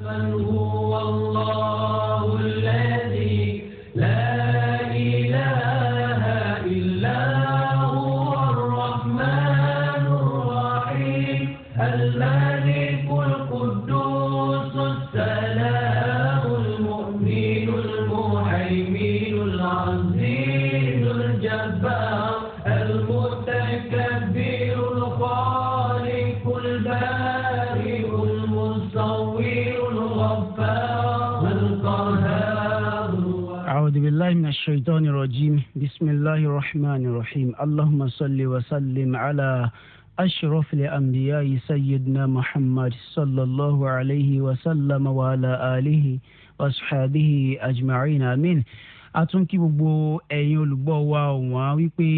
من هو الله الشيطان الرجيم بسم الله الرحمن الرحيم اللهم صل وسلم على أشرف الأنبياء سيدنا محمد صلى الله عليه وسلم وعلى آله وأصحابه أجمعين آمين a tún kí gbogbo ẹ̀yin olùgbọ́ wa wọ́n wípé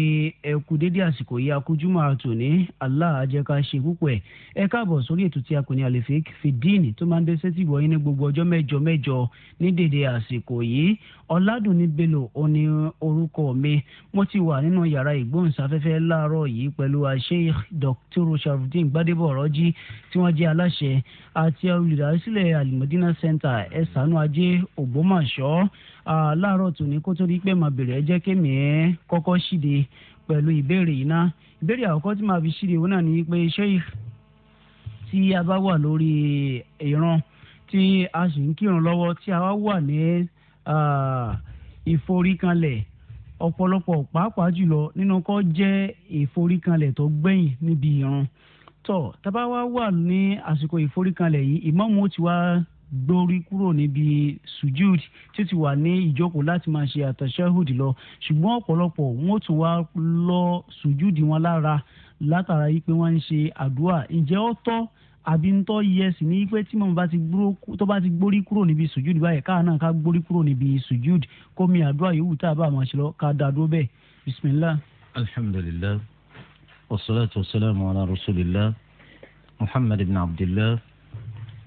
ẹ kú dédé àsìkò yìí akójúmọ́ àtòní Allah á jẹ́ ká ṣe púpọ̀ ẹ̀ ẹ káàbọ̀ sórí ètò tí a kò ní àlèfé fìdíìnì tó máa ń dé sétí ìwọ̀nyí ní gbogbo ọjọ́ mẹ́jọ mẹ́jọ ní dédé àsìkò yìí ọ̀làdùnní bello òní orúkọ mi mo ti wà nínú yàrá ìgbóhùnsáfẹ́fẹ́ láàárọ̀ yìí pẹ̀lú Sheikh Dr. sharafdin gbadebo ọ̀rọ̀jì tí wọ́n jẹ́ aláṣẹ àti olùdásílẹ̀ alimọ̀dínà center ẹ̀sánú ajé ògbómọ̀ṣọ́ láàárọ̀ tòní kó tó di pé màá bèrè ẹ jẹ́ kémi ẹ̀ kọ́kọ́ ṣíde pẹ̀lú ìbéèrè yìí ná ìbéèrè àkọ́kọ́ tí màá fi ṣíde òun náà ni pé Sheikh tí a bá wà lórí ìran tí a sì ń kírun lọ́wọ́ tí a wà ní ìforíkanlẹ̀ ọ̀pọ̀lọpọ̀ pàápàá jùlọ nínú kọ́ jẹ́ ìforíkanlẹ̀ tó gbẹ̀yìn níbi ìrun tó tábà wá wà ní àsìkò ìforíkanlẹ̀ yìí ìmáàmù ó ti wá gbórí kúrò níbi sujud tí ó ti wà ní ìjókòó láti máa ṣe àtashahhud lọ ṣùgbọ́n ọ̀pọ̀lọpọ̀ wọn ó tún wá lọ sujud wọn lára látara yìí pé wọ́n ń ṣe àdúrà ǹjẹ́ ó tọ́ àbí ń tọ́ yẹ sí ní pé tí màmú bá ti gbórí kúrò níbi sùjúd báyìí káà náà ká gbórí kúrò níbi sùjúd kó mi àdúrà yòówù tá a bá máa ṣe lọ ká dá dúró bẹ́ẹ̀ bisimilah. alhamdulilah wasalaatu wasalaamu ala rasulillah muhammad ibn abdillah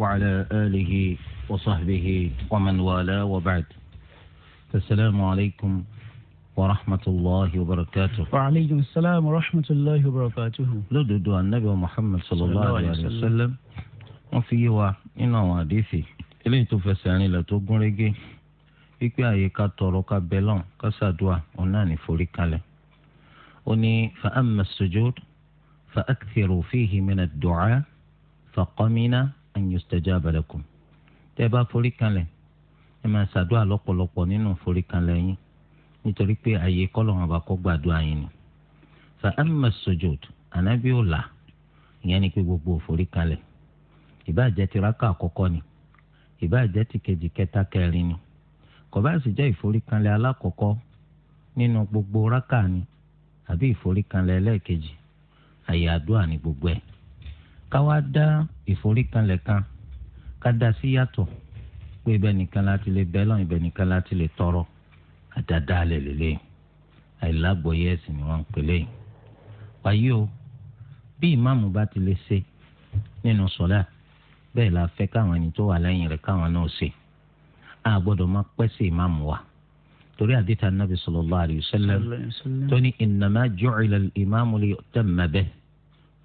wa ala alihi wa sahbihi wa man wala wa ba'd. asalaamu alaykum. ورحمة الله وبركاته وعليكم السلام ورحمة الله وبركاته لدودو النبي محمد صلى الله عليه وسلم وفي يوا إنه حديثي إلي تفساني لتوقن رجي wípé àyè ká tọrọ ká bẹlọ́n ká ṣàdúà òun náà ní forí kalẹ̀ ó ní fa amma sujud fa akthiru fihi min ad-du'a fa qamina an yustajaba lakum tẹ́ ẹ bá forí kalẹ̀ ẹ máa ṣàdúà lọ́pọ̀lọpọ̀ nínú forí nítorí pé àyè kọ́lọ́hún ọba kọ́ gbàdúrà yín ni fa amma sojod anabi ò là ìyẹn ni pé gbogbo òforí kalẹ̀ ìbáà jẹ́ ti raka àkọ́kọ́ ni ìbáà jẹ́ ti kejì kẹta kẹrin ni kò sì jẹ́ ìforíkanlẹ̀ alákọ̀ọ́kọ́ nínú gbogbo raka ni àbí ìforíkanlẹ̀ ẹlẹ́ẹ̀kejì àyè àdúrà ni gbogbo ẹ̀ ká wá dá ìforíkanlẹ̀ kan ká dá sí yàtọ̀ pé ibẹ̀ nìkan láti lè bẹ́ẹ̀ lọ́n ibẹ̀ nìkan láti lè tọrọ àdáadáalẹ̀ lélẹ̀ àìlágbọ̀yé ẹ̀sìn ni wọ́n ń pè lẹ́yìn. wáyé o bí ìmáàmù bá ti lè ṣe nínú sọ́lá bẹ́ẹ̀ la fẹ́ káwọn ẹni tó wà lẹ́yìn rẹ̀ káwọn náà ṣe a gbọ́dọ̀ máa pẹ́sẹ̀ ìmáàmù wa torí àdìtà nàbì sallallahu alayhi wa sallam tó ní innama ju'ila al-imamu liyu'tamma bihi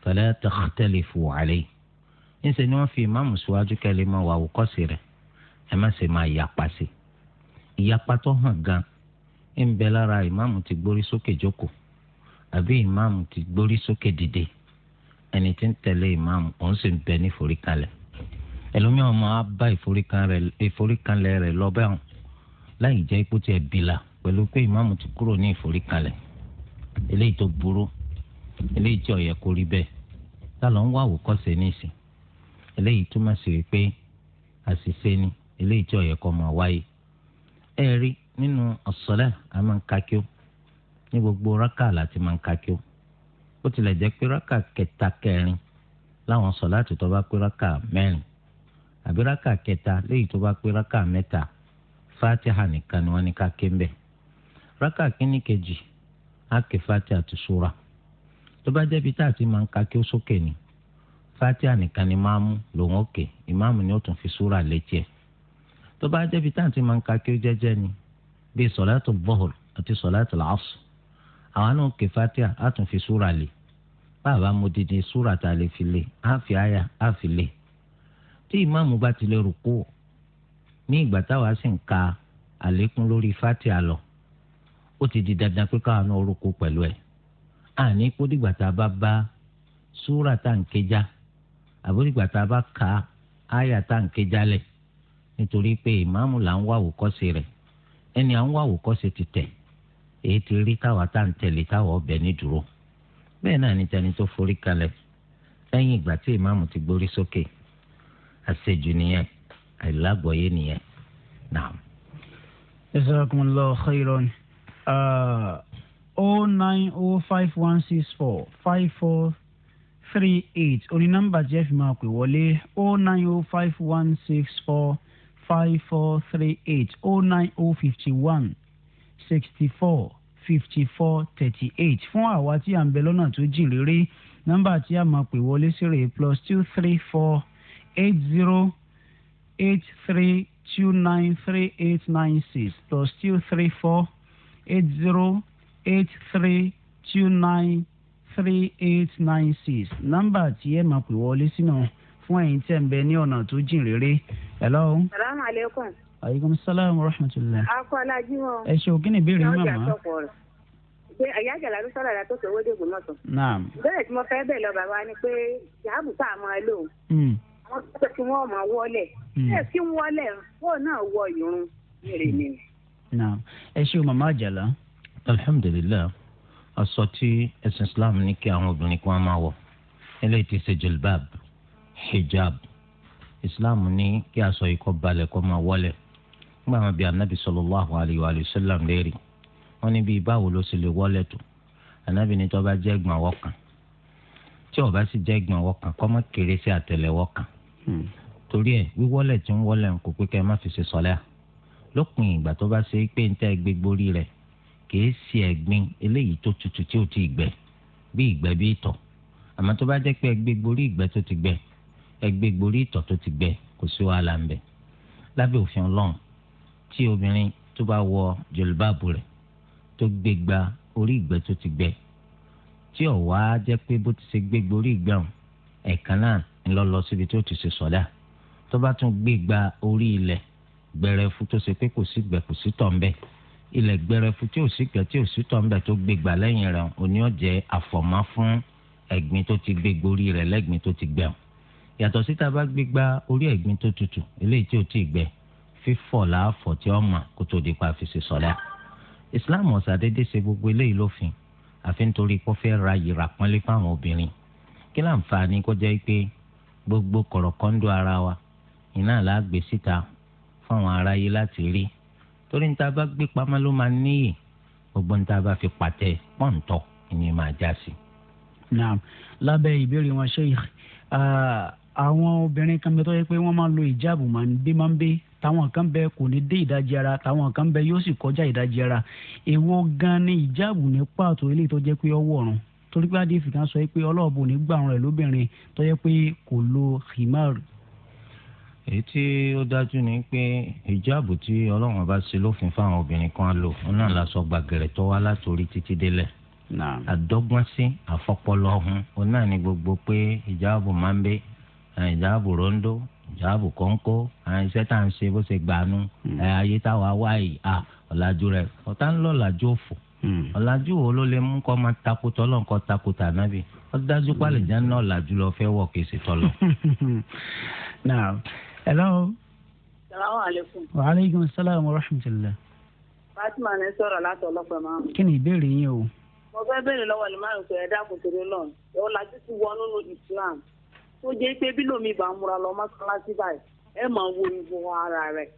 fala takhtalifu alayhi ńṣe ni wọ́n fi ìmáàmù síwájú kẹ́lẹ́ máa wà àwòkọ́sí rẹ̀ ẹ má ṣe máa yapa sí ìyapa tó hàn gan ń bẹ lára ìmáàmù ti gbórí sókè jókòó àbí ìmáàmù ti gbórí sókè dìde ẹni tí ń tẹ̀lé ìmáàmù òun sì ń bẹ ní ìforíkalẹ̀ ẹlòmíràn máa bá ìforíkalẹ̀ rẹ̀ lọ bẹ́ẹ̀ hàn láì jẹ́ ipò tí ẹ bìlà pẹ̀lú pé ìmáàmù ti kúrò ní ìforíkalẹ̀ eléyìí tó burú eléyìí tí ó yẹ rí bẹ́ẹ̀ tá ń wá àwòkọ́ṣe nísìn eléyìí túmọ̀ sí wípé àṣìṣe ni eléyìí tí ó yẹ máa wáyé ẹ rí nínú ọ̀sọ́lẹ̀ a máa ń ka kí ó ní gbogbo rákà láti máa ń ka kí ó ó tilẹ̀ jẹ́ pé rákà kẹta kẹrin láwọn sọ láti tó bá pé rákà mẹ́rin àbí rákà kẹta léyìí tó bá pé rákà mẹ́ta fatiha ni wọ́n ní ká ké ń bẹ̀ rákà kínní kejì á ké fatiha tó bá a ti máa ń ka kí ó sókè ni fatiha nìkan ni lòun ó ké ìmáàmù ni ó tún fi létí tó bá jẹ́bi a ti máa ń ka kí ó ni bíi sọ̀láàtù bọ́ọ̀lù àti sọ̀láàtù làásù àwọn náà ké fatia á tún fi súra lé bàbá mo dìde súra tá a lè fi lé á fi àyà á fi lé tí ìmáàmù bá ti lè rúkú ní ìgbà táwa sì ń ka àlékún lórí fatia lọ ó ti di dandan pé káwọn náà rúkú pẹ̀lú ẹ̀ àní kó dìgbà tá a bá bá súra tá à ń kéjà àbódìgbà tá a bá ka àyà tá à ń kéjà lẹ̀ nítorí pé ìmáàmù là ń wá òkọ́sí rẹ̀ ẹni à ń wá àwòkọ́ṣe ti tẹ̀ èyí ti rí táwa tá à ń tẹ̀lé táwa ọbẹ̀ ní dúró bẹ́ẹ̀ náà ni tẹni tó forí kalẹ̀ lẹ́yìn ìgbà tí ìmáàmù ti gbórí sókè àṣejù nìyẹn àìlágbọ̀yé nìyẹn náà. jazakumullahu khairan ah, oh nine o oh five one six four five four three eight oní nọ́mbà jẹ́ fi máa pè wọlé oh nine o oh five one six four five four three eight oh nine oh fifty one sixty four fifty four thirty eight fún àwa tí à ń bẹ lọ́nà tó jìn réré nọ́mbà tí a máa pè wọlé sí rèé plus two three four eight zero eight three two nine three eight nine six plus two three four eight zero eight three two nine three eight nine six nọ́mbà tí ẹ máa pè wọlé sí náà fún ẹ̀yin tí ẹ̀ ń bẹ ní ọ̀nà tó jìn réré. hello. salaamu aleykum. aleykum salaam wa rahmatulah. akọ alájí wọn. ẹ ṣe ògínì béèrè ní màmá. ìyá àjàlá ló sọ̀rọ̀ àdá tó fi owó dègbò náà sọ. naam. bẹ́ẹ̀ tí mo fẹ́ bẹ̀ lọ bàbá ni pé yàábù tá a máa lò. Hmm. wọ́n sọ kí wọ́n máa wọlé. bẹ́ẹ̀ hmm. kí wọlé wọn náà wọ ìrun rè ni. naam ẹ ṣe o màmá àjàlá. alhamdulilayi aṣọ tí ẹsìn islam ní kí àwọn obìnrin kan máa wọ eléyìí ti ṣe hijab islam ní kí aṣọ yìí kọ́ balẹ̀ kọ́ máa wọlẹ̀ nígbà wọn bí anabi sallallahu alayhi wa sallam léèrè wọn ní bíi báwo ló ṣe lè wọlẹ̀ tó anabi ní tó bá jẹ́ ẹ̀gbọ̀n ọwọ́ kan tí ó bá sì jẹ́ ẹ̀gbọ̀n ọwọ́ kan kó má kéré sí àtẹlẹwọ́ kan hmm. torí ẹ̀ wíwọlẹ̀ tí ń wọlẹ̀ kò pé kẹ́ ẹ má fi ṣe sọlẹ lópin ìgbà tó bá ṣe pé ń tẹ ẹgbẹ gborí kìí ṣe ẹ̀gbin eléyìí tó tutù tí ò ti gbẹ bí ìgbẹ́ bí ìtọ̀ àmọ́ tó bá jẹ́ pé ẹgbẹ gborí ìgbẹ́ tó ti gbẹ ẹgbẹ́ gborí ìtọ̀ tó ti gbẹ kò sí wàhálà ń bẹ lábẹ́ òfin ọlọ́run tí obìnrin tó bá wọ jòlúbáàbù rẹ̀ tó gbé gba orí ìgbẹ́ tó ti gbẹ tí ọ̀wá jẹ́ pé bó ti ṣe gbé gborí ìgbẹ́ ọ̀hún ẹ̀ka náà ńlọ lọ síbi tó ti ṣe sọ̀dá tó bá tún gbé gba orí ilẹ̀ gbẹrẹfu tó ṣe pé kò sí gbẹ kò sí tọ̀ ń bẹ ilẹ̀ gbẹrẹfu tí ò sí gbẹ tí ò sí tọ̀ ń bẹ tó gbé gbà lẹ́yìn rẹ̀ òní ọ̀jẹ̀ àfọ̀mọ́ fún ẹ̀gbin tó ti gbé gborí rẹ̀ lẹ́gbin tó ti gbẹ̀ ọ̀hún yàtọ̀ síta bá gbígbá orí ẹ̀gbin tó tutù eléyìí tí ò tí ì gbẹ fífọ̀ láàfọ̀ tí ọmọ kó tó di pa fi ṣe sọ́lá islam ọ̀sàdédé ṣe gbogbo eléyìí lófin àfi nítorí kó fẹ́ ra yìrà pọ́nlé fáwọn obìnrin kí láǹfààní kó jẹ́ pé gbogbo kọ̀rọ̀kọ́ńdó ara wa iná là á gbé síta fáwọn aráyé láti rí torí níta bá gbé pamọ́ ló máa níyì gbogbo níta bá fi pàtẹ pọ́ǹtọ̀ ni máa já sí. naam lábẹ́ ìbéèrè wọn ṣe àwọn obìnrin kan bẹ tó yẹ pé wọ́n máa lo ìjáàbù máa ń dé máa ń bẹ́ táwọn kan bẹ kò ní dé ìdajì ara táwọn kan bẹ yóò sì kọjá ìdajì ara èwo gan ni ìjáàbù ní pàtó eléyìí tó jẹ́ pé ọwọ́ ọ̀run torí pé adé fìkan sọ pé ọlọ́ọ̀bù ní gbàrún rẹ̀ lóbìnrin tó yẹ pé kò lo khimar. èyí tí ó dájú ni pé ìjáàbù tí ọlọ́run bá ṣe lófin fáwọn obìnrin kan lò ó náà la sọ gbàgẹ̀rẹ̀ tó wá látòrí títí délẹ̀ àdọ́gbọ́n àfọpọ́lọ́hún ó náà ni gbogbo pé ìjáàbù máa ń bẹ́ ìjáàbù rondo ìjáàbù kọ́ńkó iṣẹ́ tá à ń ṣe bó ṣe gbanú hmm. ayé táwa wá yìí ọ̀làjú rẹ̀ ọ̀tá ń lọ làjú òfò hmm. ọ̀làjú wo ló lè mú kọ́ máa takò tọ́lọ̀ nǹkan takò tànábì ó dájú pálí jẹ́ náà làjú lọ fẹ́ wọ̀ kí n sì tọ́lọ̀. now hello. salaamaleykum. wa aleykum salaam wa rahmatulah. fatima ní sọ̀rọ̀ láti ọlọ́pàá máa. kí ni ìbéèrè yín o. mo fẹ́ béèrè lọ́wọ́ ìlú márùn-ún pé ẹ̀dá kò tó lọ́n ọ̀làjú ti tó jẹ́ pé bí lómi bá ń múra lọ mọ́ṣáláṣí báyìí ẹ máa wo ìwọ ara rẹ̀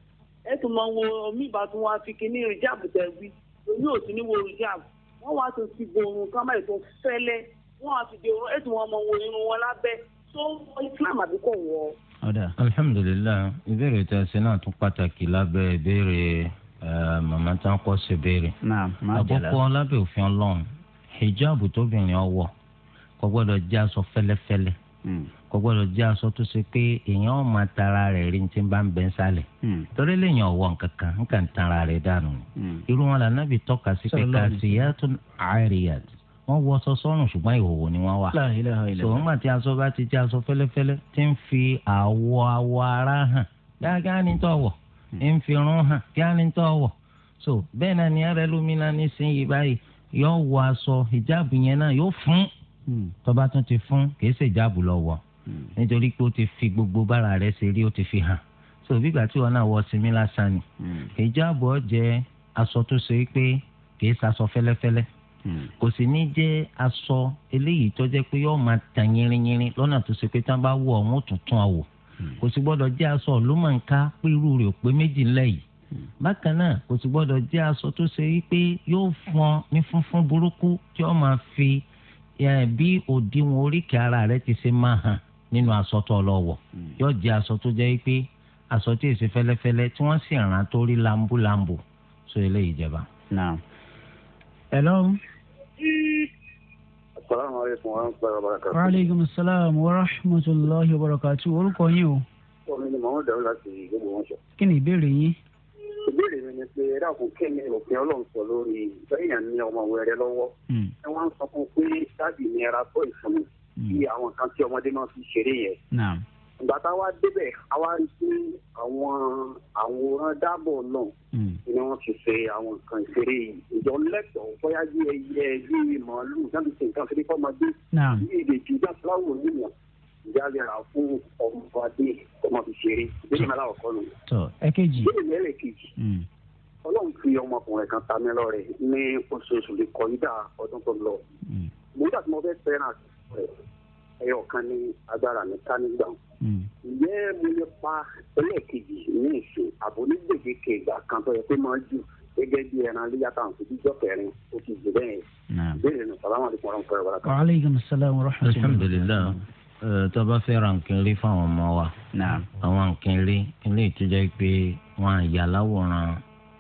ẹ tún máa wo omi ìbá tún wá fi kíní rìjáàbù tẹ̀ wí omi ò tún ní wo rìjáàbù wọ́n wá tún ti bo orun kan báyìí tó fẹ́lẹ́ wọ́n á fi di orun ẹ tún wọ́n máa wo irun wọn lábẹ́ tó wọ Islam àbí kò wọ. alhamdulilayi ìbéèrè tí a ṣe náà tún pàtàkì lábẹ́ ìbéèrè màmá tí wọ́n kọ́ sí ìbéèrè. àkọ́kọ́ lábẹ́ òfin ọlọ́run hijab tóbìnrin ọwọ́ kò gbọ́dọ̀ jẹ́ aṣọ fẹ́lẹ́fẹ́lẹ́ hmm kò gbọ́dọ̀ jẹ́ aṣọ tó ṣe pé èèyàn ọmọ tara rẹ̀ rí ní tí ń bá ń bẹ ń sálẹ̀ hmm. torí lèèyàn ọwọ́ nǹkan kan nǹkan tara rẹ̀ dànù ni hmm. irú wọn là nàbì tọ́ka sí pé kàṣíyàtún àríyàt wọn wọ aṣọ sọ́rùn ṣùgbọ́n ìhòòhò ni wọn wà tó wọn tí aṣọ bá ti jẹ́ aṣọ fẹ́lẹ́fẹ́lẹ́ tí ń fi àwọ̀ àwọ̀ ara hàn kíákíá ni tó wọ̀ hmm. ń fi rún hàn kíá ni tó wọ̀ so bẹ́ẹ̀ náà ni ẹrẹ lómìnira nísìnyí báyìí yóò wọ aṣọ ìjáàbù yẹn náà yóò fún tó tún ti fún kì í ṣèjáàbù lọ wọ̀ nítorí pé ó ti fi gbogbo bára rẹ̀ ṣe rí ti fi hàn so bígbà tí wọn náà wọ sinmi lásán ni ìjábọ̀ hmm. jẹ́ aṣọ tó ṣe pé kìí ṣaṣọ fẹ́lẹ́fẹ́lẹ́ hmm. kò sì ní jẹ́ aṣọ eléyìí tó jẹ́ pé yóò máa tàn yínrínyínrín lọ́nà tó ṣe pé tí wọ́n bá wọ̀ ọ́n ó tún tún àwò hmm. kò sì gbọ́dọ̀ jẹ́ aṣọ ọ̀lùmọ̀ǹká pé irú rẹ̀ ò pé méjì ńlẹ̀ yìí bákan náà kò sì gbọ́dọ̀ jẹ́ aṣọ tó ṣe wípé yóò fọn ní funfun burúkú tí ó máa fi bí òdiwọ̀n oríkèé ara rẹ̀ ti ṣe máa hàn nínú aṣọ tó lọ wọ̀ hmm. yóò jẹ́ aṣọ tó jẹ́ pé aṣọ tí èsì fẹ́lẹ́fẹ́lẹ́ tí wọ́n sì rán tó rí lambulambu so eléyìí jẹba. hello. asalaamualeykum wa rahmatulahi wa barakatu. wa aleykum salaam wa rahmatulahi wa barakatu orúkọ yín o. omi ni màmú dàrú láti ìgbógun wọn sọ. kí ni ìbéèrè yín. ìbéèrè mi ni pé dákun kéèmí òfin ọlọ́run sọ lórí ìfẹ́ èèyàn ọmọ wẹrẹ lọ́wọ́. Hmm. ẹ wá sọ fún un pé dábì ní ẹra tó ìfún sí àwọn kan tí ọmọdé náà fi ṣeré yẹn. ìgbà tá a wá débẹ̀ a wá rí sí àwọn àwòrán dábọ̀ náà hmm. ni wọ́n ti ṣe àwọn nǹkan ìṣeré yìí. ìjọ lẹ́tọ̀ọ́ bóyá bí ẹyẹ bí màálù náà ti ṣe nǹkan ìṣeré fọmọdé bí èdè jù jáfúláwò nìyẹn ìjáde ra fún ọmọdé ọmọ fi ṣeré ìbéèrè mẹ́ta ọ̀kọ́ nù. ẹ̀kejì. ìbéèrè mẹ́rẹ̀ kejì. Hmm. Ọlọ́run fi ọmọkùnrin kan ta mí lọ́rẹ̀ ní oṣooṣù lè kọ́ yídà ọdún tó lọ. Hmm. mo dàbí mo fẹ́ fẹ́ràn àti ẹyọ kan ní agbára mi ká nígbà hmm. ǹjẹ́ mo lè pa ẹlẹ́ẹ̀kejì ní ìsìn àbò ìgbà kan tó yẹ pé máa jù gẹ́gẹ́ bí ẹran lóyà tá fi jíjọ́ kẹrin ó ti jù bẹ́ẹ̀ béèrè nù sàlámù àdìpọ̀ ọ̀rọ̀ nǹkan ìwàlá. wa aleykum salaam wa rahmatulah. alhamdulilayi tó bá fẹ́ ra nǹkan rí fáwọn ọmọ wa àwọn nǹkan rí ilé ìtújẹ́ pé wọ́n àyà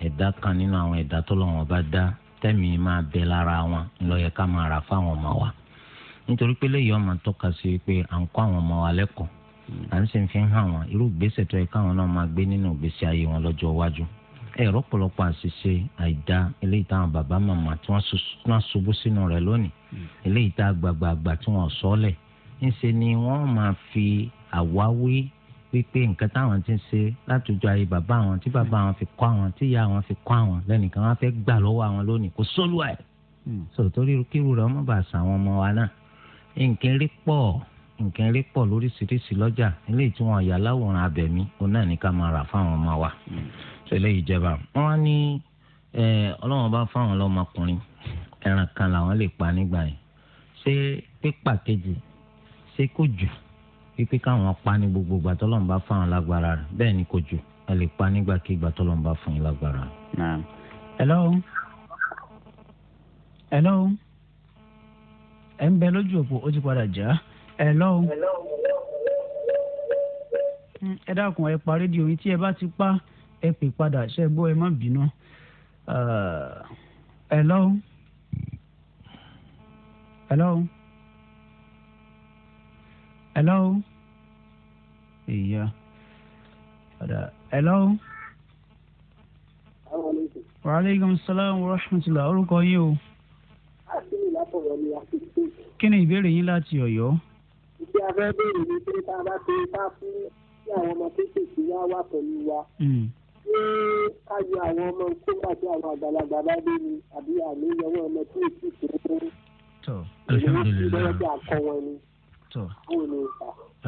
ẹ̀dá kan nínú àwọn ẹ̀dá tó lọ́wọ́ bá dá tẹ̀mí máa bẹ lára wọn ló máa ra fáwọn ọmọ wa nítorí pé lẹ́yìn ọmọ tọ́ka sí pé à ń kọ́ àwọn ọmọ wa lẹ́kọ̀ọ́ hmm. à ń sì fi ń hàn wọn irú ìgbésẹ̀ tó yẹ káwọn náà máa gbé nínú ìgbésí ayé wọn lọ́jọ́ iwájú ẹ̀rọ pọ̀lọpọ̀ àṣìṣe àìdá eléyìí táwọn bàbá màmá tí wọ́n ṣubú sínú rẹ̀ lónìí hmm. eléyìí tá àgbàgbààgbà tí wọ́n sọ́ọ̀lẹ̀ ńṣe ni wọ́n máa fi àwáwí wípé nǹkan táwọn ti ń ṣe látọjọ́ ayé bàbá àwọn tí bàbá àwọn fi kọ́ àwọn tí ìyá àwọn fi kọ́ àwọn lẹ́nìkan wọn fẹ́ gbà lọ́wọ́ àwọn lónìí kò sólùwà ẹ̀ hmm. sọ̀tọ́rí kírú rẹ̀ ọmọ bàṣà àwọn ọmọ wa náà nǹkan rí pọ̀ nǹkan rí pọ̀ lóríṣiríṣi lọ́jà eléyìí tí wọ́n yà láwòrán abẹ̀mí òun náà ní ká máa rà fáwọn ọmọ wa tẹ́lẹ̀ mm. ìjẹba wọ́n á ní ọlọ́wọ́n bá fáwọn ọlọ́mọkùnrin ẹran kan làwọn lè pa nígbà yẹn ṣé pípa kejì ṣé kò jù wípé káwọn pa ní gbogbo ìgbà tọ́lọ́run bá fáwọn lágbára rẹ̀ bẹ́ẹ̀ ni kò jù ẹ lè pa nígbàkigbà tọ́lọ́run bá fún yín lágbára hello. hello ẹ̀ ń bẹ lójú òpó ó ti padà já ẹ̀ lọ́wọ́ hmm, ẹ dákun ẹ pa rédíò yín tí ẹ bá ti pa ẹ pè padà ṣe gbọ́ ẹ má bínú ẹ lọ́wọ́ ẹ lọ́wọ́ ẹ lọ́wọ́ ìyá padà ẹ lọ́wọ́. wàhálà ìgbàmùsálàmù rahmatulah orúkọ yín o àṣírí látọ̀rọ̀ ni a ti ṣe. kí ni ìbéèrè yín láti ọ̀yọ́. ìdí abẹ́ béèrè ni pé tá a bá ti bá fún kí àwọn ọmọ kéékèèké wá wà pẹ̀lú wa. Hmm. ṣé ká yọ àwọn ọmọ kópa tí àwọn àgbàlagbà bá dé ni àbí àmì ìyọwọ́ ọmọ tí ò tí ì tó ń tó.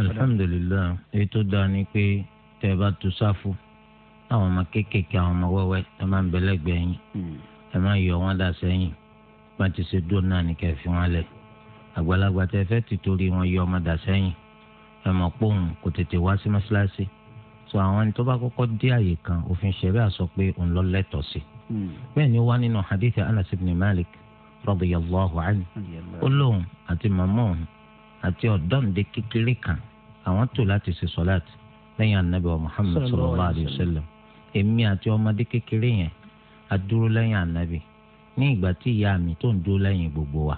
alhamdulilayi èyí tó ni pé tẹ́ ẹ bá tu sáfù àwọn ọmọ kéékèèké àwọn ọmọ wẹ́wẹ́ ẹ máa ń bẹ yín hmm. ẹ máa yọ wọn dà sẹ́yìn má ti ṣe dó náà ní kẹ́ fi wọn lẹ̀ àgbàlagbà tẹ fẹ́ ti torí wọn yọ ọmọ dà sẹ́yìn ẹ mọ̀ pé òun kò tètè wá sí mọ́ṣáláṣí tó àwọn ẹni tó bá kọ́kọ́ dé àyè kan òfin ṣẹ̀ríà sọ pé òun lọ lẹ́tọ̀ọ́ sí hmm. bẹ́ẹ̀ ni ó wá nínú hadith Anas ibn Malik radiyallahu anhu ó lóun àti màmá òun àti ọ̀dọ́ǹde kékeré kan àwọn tó láti ṣe sọ́láàtì lẹ́yìn anabi wa Muhammad sallallahu alayhi wa sallam èmi àti ọmọdé kékeré yẹn a lẹ́yìn anabi ní ìgbà tí ìyá mi tó ń dúró lẹ́yìn gbogbo wa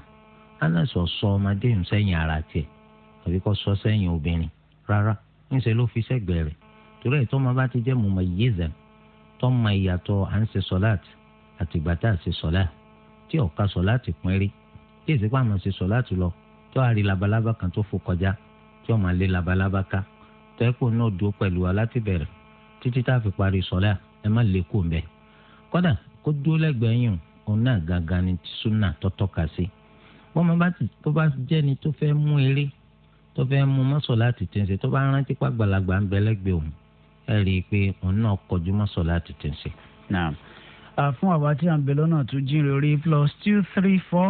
anásọ sọ ọmọdé ń sẹ́yìn ara tiẹ̀ àbí kó sọ sẹ́yìn obìnrin rárá ńṣe ló fi sẹ́gbẹ̀ẹ́ rẹ̀ torí ẹ̀ tọ́mọ bá ti jẹ́ mọ̀mọ́ yézẹ̀ tọ́mọ ìyàtọ̀ à ń ṣe sọ́láàtì àtìgbà tá a ṣe sọ́láàtì tí ọ̀ka sọ́láàtì pín rí tí èsì pàmò ṣe sọ́láàtì lọ tó a rí labalábá kan tó fò kọjá tí ọmọ alẹ́ labalábá ká tẹ́kùn náà dúró pẹ̀lú wa láti bẹ̀rẹ̀ títí tá a fi parí sọ́láà ẹ má lè kó ń bẹ̀ kọ́dà kó dúró lẹ́gbẹ̀ẹ́ yìí òun náà gangan ni súnà tọ́tọ́ ka sí bọ́mọ bá ti tó bá jẹ́ni tó fẹ́ mú eré tó fẹ́ mú mọ́sọ̀lá ti tẹ̀ ń ṣe tó bá rántí pàgbàlagbà ń bẹ lẹ́gbẹ̀ẹ́ òun ẹ rí i pé òun náà kọjú mọ́sọ̀lá ti tẹ̀ ń fún àwa tí à ń bẹ lọ́nà tó jínrere orí plus two three four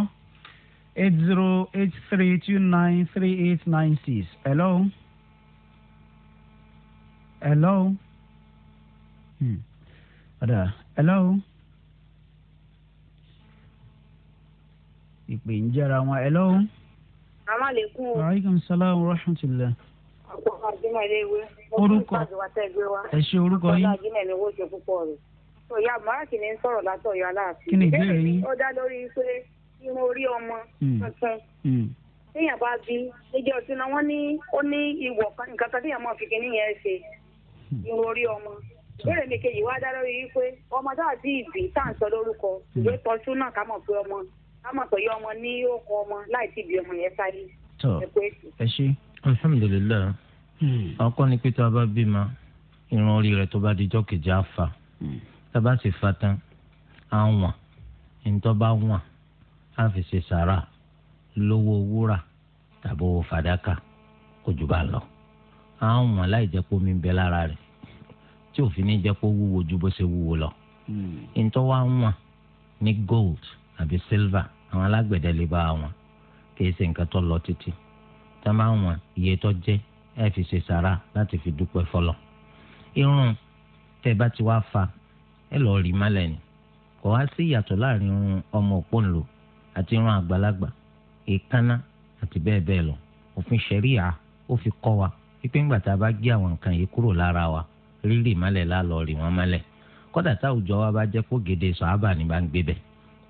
eight zero eight three two nine three eight nine six hello. hello. Hmm. hello. ìpè ń jára wọn ẹ lọ́wọ́. o. aleykum salaam wa rahmatulah. ọkọ àjùmọ̀ ilé ìwé. orúkọ ẹ ṣe orúkọ yín. ọkọ àjùmọ̀ ṣe púpọ̀ rẹ̀. ọ̀yà sọ̀rọ̀ aláàfin. kí ni ìbéèrè yín. ó dá lórí pé ọmọ hmm. tuntun hmm. téèyàn bá bí ọtí náà ní ó ní nǹkan téèyàn fi yẹn ṣe hmm. ọmọ a ìbí tá à ń sọ ká mọ̀ pé ọmọ ní òkú ọmọ láì tíbi ọmọ yẹn sáré. tọ ẹ ṣe alhamdulilayi hmm. ọkọ ni pé tó a bá bímọ irun orí rẹ tó bá dijọ́ kejì á fa hmm. tá a bá sì fa tán á wọ̀n ntọ́ bá wọ̀n á fi ṣe sàrà lówó wúrà tàbí owó fàdákà kò bá lọ á wọ̀n láì jẹ́ kó mi lára rẹ̀ tí òfin ní jẹ́ kó wúwo ju bó ṣe wúwo lọ hmm. ntọ́ wá wọ̀n ní gold àbí silver àwọn alágbẹ̀dẹ lè bá wọn kìí ṣe nǹkan tó lọ títí tá máa wọn iye tó jẹ́ ẹ fi ṣe sàrà láti fi dúpẹ́ fọlọ́ irun tẹ́ bá ti wá fa ẹ lọ rí mọ́lẹ̀ ni kò wá sí ìyàtọ̀ láàrin irun ọmọ òpónlò àti irun àgbàlagbà èékánná àti bẹ́ẹ̀ bẹ́ẹ̀ lọ òfin ṣẹ̀ríà ó fi kọ́ wa pípé ńgbà tá a bá gé àwọn nǹkan yìí kúrò lára wa rírì mọ́lẹ̀ lálọ́ rí wọn mọ́lẹ̀ kódà táwùjọ wa bá jẹ́ kó gèdè sọ àbà ní bá ń gbé bẹ́ẹ̀